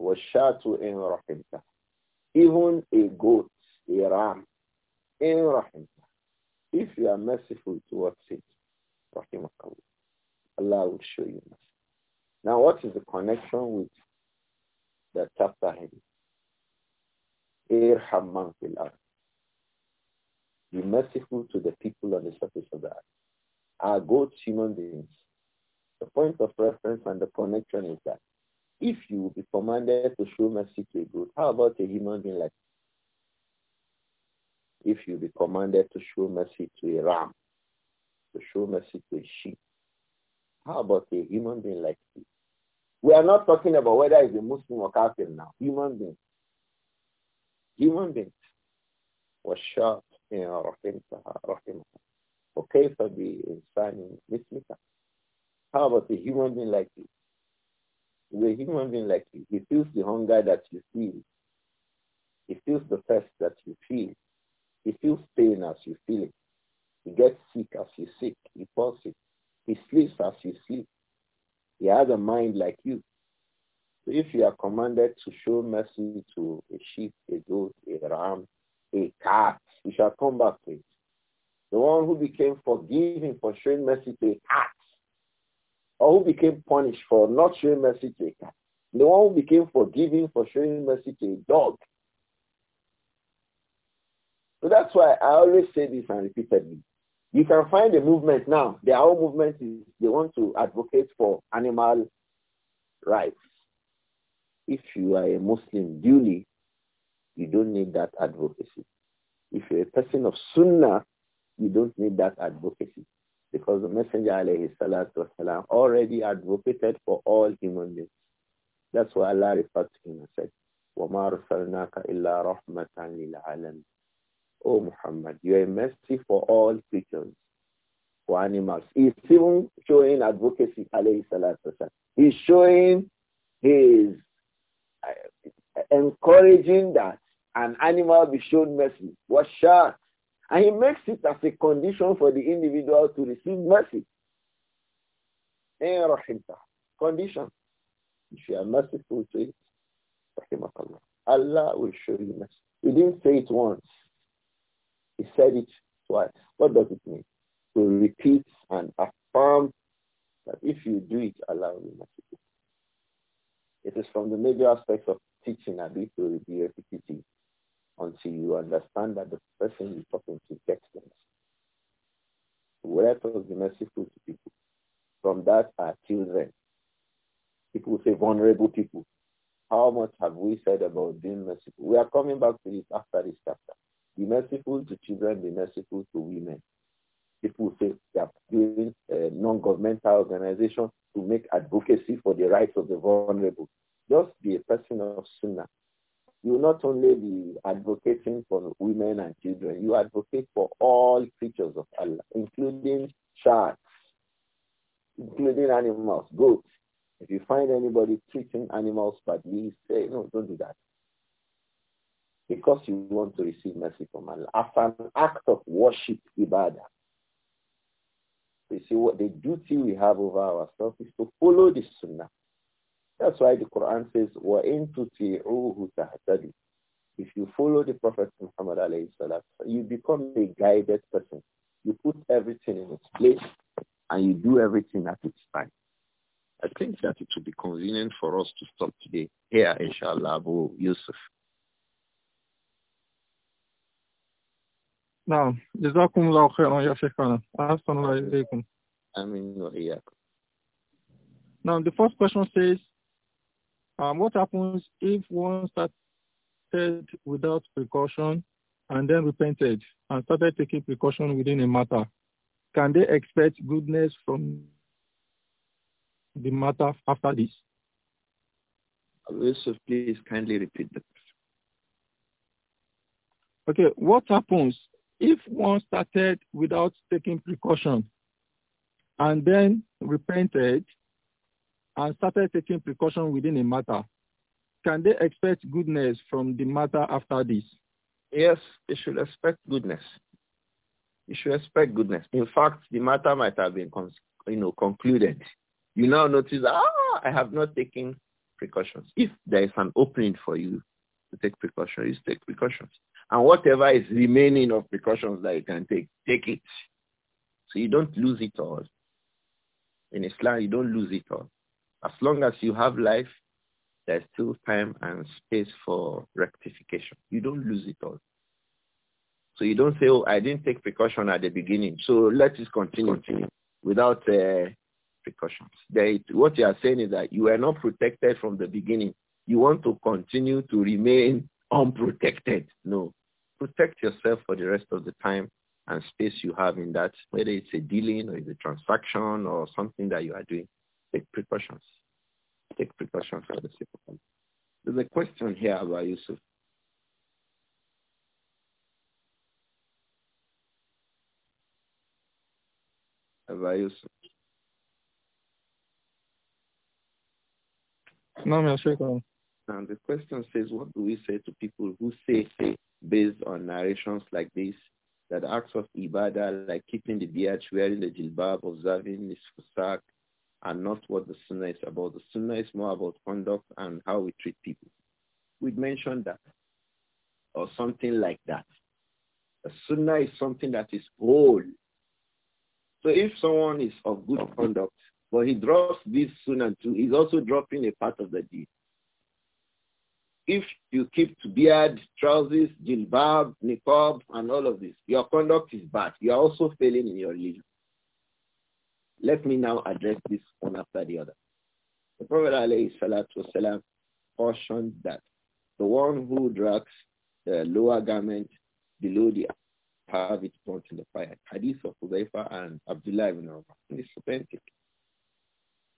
وَالشَّاتُ إِنْ رَحِمْتَ Even a goat, a ram, in رَحِمْتَ If you are merciful towards it, رَحِمَكَ Allah will show you mercy. Now what is the connection with the chapter heading? Irham man fil Be merciful to the people on the surface of the earth are both human beings. The point of reference and the connection is that if you will be commanded to show mercy to a goat, how about a human being like if you be commanded to show mercy to a ram, to show mercy to a sheep. How about a human being like this? We are not talking about whether it's a Muslim or Catholic now. Human beings. Human beings. in رَحِمْتَهَا رَحِمْتَهَا Okay, for the signing this How about a human being like you? The a human being like you, he feels the hunger that you feel. He feels the thirst that you feel. He feels pain as you feel it. He gets sick as you sick. He falls He sleeps as you sleep. He has a mind like you. So if you are commanded to show mercy to a sheep, a goat, a ram, a cat, you shall come back to it. The one who became forgiven for showing mercy to a cat. Or who became punished for not showing mercy to a cat. The one who became forgiven for showing mercy to a dog. So that's why I always say this and repeatedly. You can find a movement now. The whole movement is they want to advocate for animal rights. If you are a Muslim duly, you don't need that advocacy. If you're a person of Sunnah, you don't need that advocacy because the Messenger alayhi salatu already advocated for all human beings. That's why Allah referred to him and said, وَمَا رُسَلْنَاكَ إِلَّا رَحْمَةً لِلْعَالَمِ O Muhammad, you are a mercy for all creatures, for animals. He's even showing advocacy, alayhi salatu He's showing his, uh, encouraging that an animal be shown mercy. What sharks? And he makes it as a condition for the individual to receive mercy. Eh, condition. If you are merciful to it, Allah will show you mercy. He didn't say it once. He said it twice. What does it mean? To repeat and affirm that if you do it, Allah will be merciful. It is from the major aspects of teaching Abi to be repetitive until you understand that the person you're talking to gets things. Let us be merciful to people. From that are children. People say vulnerable people. How much have we said about being merciful? We are coming back to this after this chapter. Be merciful to children, be merciful to women. People say they are doing a eh, non-governmental organization to make advocacy for the rights of the vulnerable. Just be a person of sunnah you not only be advocating for women and children, you advocate for all creatures of Allah, including sharks, including animals, goats. If you find anybody treating animals badly, say, no, don't do that. Because you want to receive mercy from Allah. As an act of worship, ibadah. You see, what the duty we have over ourselves is to follow the sunnah. That's why the Quran says, وَإِن تُتِعُوهُ تَهْتَدِي If you follow the Prophet Muhammad alayhi salam, you become a guided person. You put everything in its place and you do everything at its time. I think that it would be convenient for us to stop today here, inshallah, Abu Yusuf. Now, جزاكم الله خيرا يا شيخنا أحسن الله إليكم آمين Now the first question says um, what happens if one started without precaution and then repented and started taking precaution within a matter? Can they expect goodness from the matter after this? Yes, please kindly repeat that. Okay, what happens if one started without taking precaution and then repented and started taking precaution within a matter, can they expect goodness from the matter after this? Yes, they should expect goodness. You should expect goodness. In fact, the matter might have been, you know, concluded. You now notice, ah, I have not taken precautions. If there is an opening for you to take precautions, you take precautions. And whatever is remaining of precautions that you can take, take it. So you don't lose it all. In Islam, you don't lose it all. As long as you have life, there's still time and space for rectification. You don't lose it all. So you don't say, oh, I didn't take precaution at the beginning. So let us continue, continue without uh, precautions. They, what you are saying is that you are not protected from the beginning. You want to continue to remain (laughs) unprotected. No. Protect yourself for the rest of the time and space you have in that, whether it's a dealing or it's a transaction or something that you are doing. Take precautions. Take precautions for the sake of Allah. There's a question here about Yusuf. About Yusuf. No, I'm sure. the question says, what do we say to people who say, say based on narrations like this, that acts of ibadah like keeping the beard, wearing the jilbab, observing the fusak, and not what the sunnah is about. The sunnah is more about conduct and how we treat people. We mentioned that or something like that. The sunnah is something that is whole. So if someone is of good conduct, but he drops this sunnah too, he's also dropping a part of the deed. If you keep beard, trousers, jilbab, niqab, and all of this, your conduct is bad. You are also failing in your religion. Let me now address this one after the other. The Prophet والسلام, cautioned that the one who drags the lower garment below the have it burnt in the fire. Hadith of Hudayfa and Abdullah ibn Umar. It's authentic.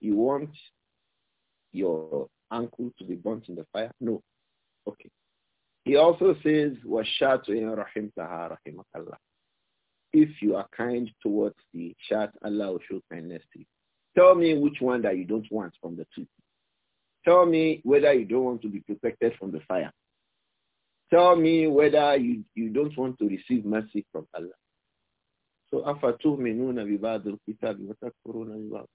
You want your ankle to be burnt in the fire? No. Okay. He also says, وَالشَّاتُ إِنْ رَحِمْتَهَا رَحِمَكَ اللَّهُ if you are kind towards the chat, Allah will show kindness to you. Tell me which one that you don't want from the two. Tell me whether you don't want to be protected from the fire. Tell me whether you, you don't want to receive mercy from Allah. So أَفَتُؤْمِنُونَ بِبَعْضِ الْكِتَابِ وَتَكْفُرُونَ بِبَعْضِ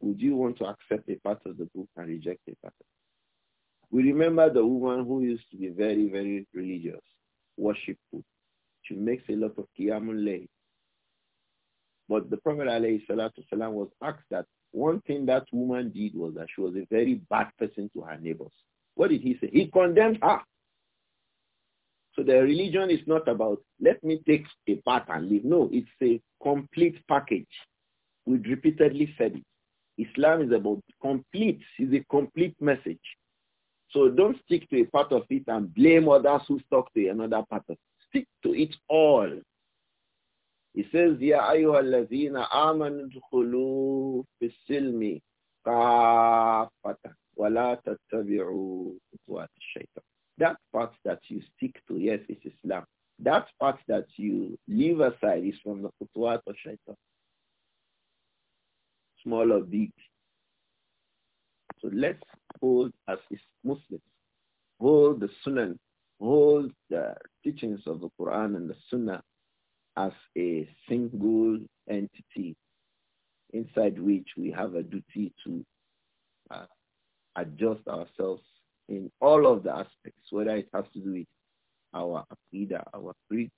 Would you want to accept a part of the book and reject a part of it? We remember the woman who used to be very, very religious, worshipful. She makes a lot of qiyamul but the Prophet والسلام, was asked that one thing that woman did was that she was a very bad person to her neighbors. What did he say? He condemned her. So the religion is not about, let me take a part and leave. No, it's a complete package. We've repeatedly said it. Islam is about complete, is a complete message. So don't stick to a part of it and blame others who stuck to another part of it. Stick to it all. He says, Ya ayyuhalladhina amanu dukhulu fis-silmi kafata wa la tattabi'u khutuwat ash-shaytan. That part that you stick to, yes, is Islam. That part that you leave aside is from the khutuwat of shaitan. Small or big. So let's hold as Muslims, hold the sunnah, hold the teachings of the Quran and the sunnah as a single entity inside which we have a duty to uh, adjust ourselves in all of the aspects, whether it has to do with our aqidah, our creed,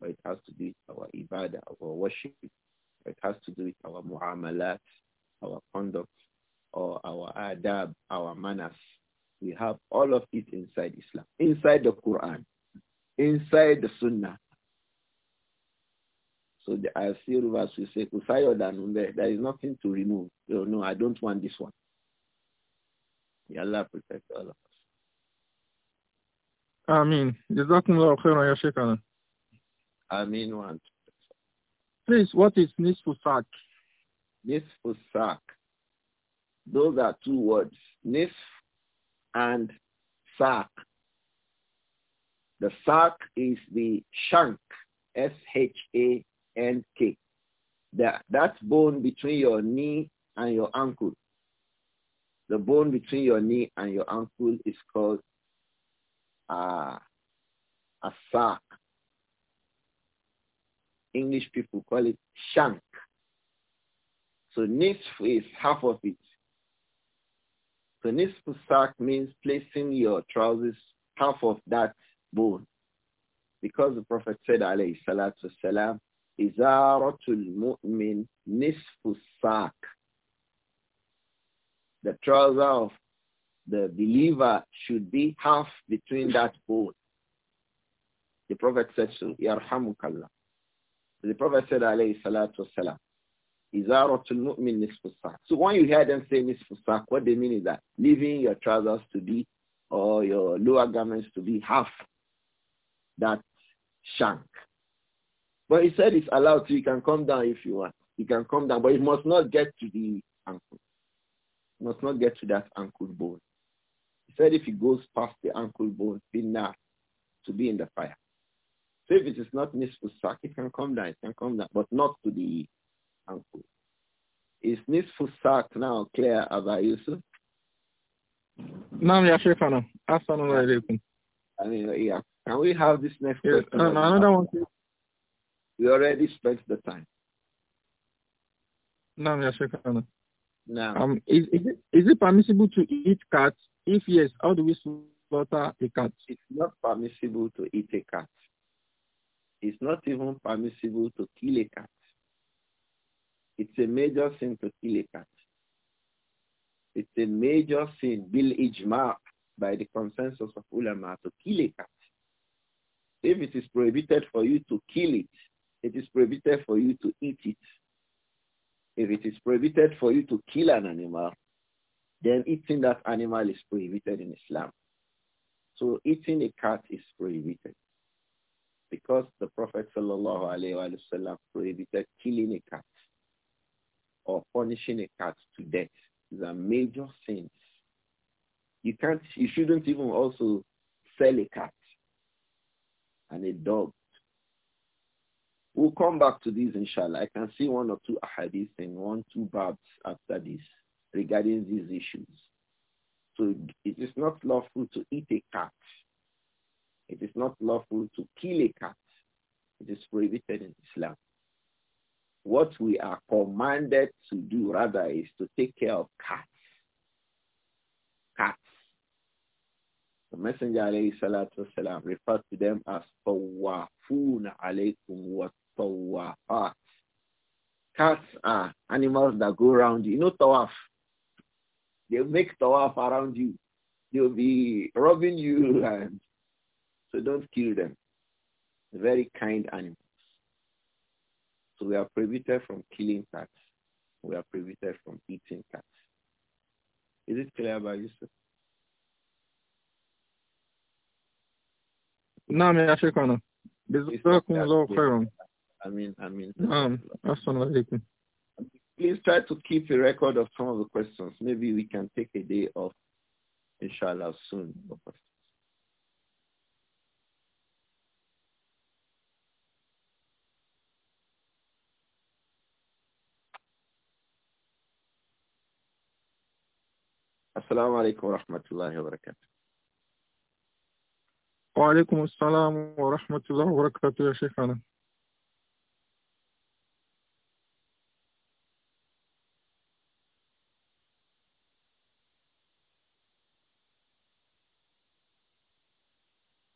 or it has to do with our ibadah, our worship, it has to do with our mu'amalat, our conduct, or our adab, our manners. We have all of it inside Islam, inside the Quran, inside the Sunnah, so I see rivers will say, Kusayo Danumbe, there is nothing to remove. So, no, I don't want this one. May Allah protect all of us. Ameen. Jazakumullah khairan ya Shaykhana. Ameen one. Please, what is nisfu sak? Nisfu sak. Those are two words. Nisf and sak. The sak is the shank, S-H-A L-K. That, that bone between your knee and your ankle. The bone between your knee and your ankle is called uh, a sac. English people call it shank. So nisf is half of it. So nisf sac means placing your trousers half of that bone. Because the Prophet said, alayhi salatu salam, Izaratul mu'min nisfu sak. The trouser of the believer should be half between that bone. The Prophet said so, Yarhamukallah. The Prophet said, alayhi salatu wasalam, Izaratul mu'min nisfu sak. So when you hear them say nisfu sak, what they mean is that leaving your trousers to be or your lower garments to be half that shank but he said it's allowed to. You can come down if you want. You can come down, but it must not get to the ankle. It must not get to that ankle bone. He said if it goes past the ankle bone, be now to be in the fire. So if it is not nisful sack, it can come down. It can come down, but not to the ankle. Is nisful sack now clear, Abba Yusuf? Naam, I Shaykhana. Assalamu alaikum. I mean, yeah. Can we have this next yes, question? No, um, another one. We already spent the time. No, Mr. No. Um, is, is, it, is it permissible to eat cats? If yes, how do we slaughter a cat? It's not permissible to eat a cat. It's not even permissible to kill a cat. It's a major sin to kill a cat. It's a major sin, Bill ijma, by the consensus of ulama, to kill a cat. If it is prohibited for you to kill it, it is prohibited for you to eat it. If it is prohibited for you to kill an animal, then eating that animal is prohibited in Islam. So eating a cat is prohibited because the Prophet wasallam prohibited killing a cat or punishing a cat to death. These are major sins. You can't, you shouldn't even also sell a cat and a dog We'll come back to this, inshallah. I can see one or two ahadith and one, two babs after this regarding these issues. So it is not lawful to eat a cat. It is not lawful to kill a cat. It is prohibited in Islam. What we are commanded to do rather is to take care of cats. The Messenger alayhi salatu wasalam referred to them as tawafun alaykum wa tawafat. Cats are animals that go around you. You know tawaf. They make tawaf around you. They'll be robbing you (laughs) and so don't kill them. Very kind animals. So we are prohibited from killing cats. We are prohibited from eating cats. Is it clear by the way? نعم يا I جزاكم الله خيرا Please try to keep a record of some of the questions. Maybe we can take a day off, inshallah, soon. السلام عليكم ورحمة الله وبركاته وعليكم السلام ورحمة الله وبركاته يا شيخنا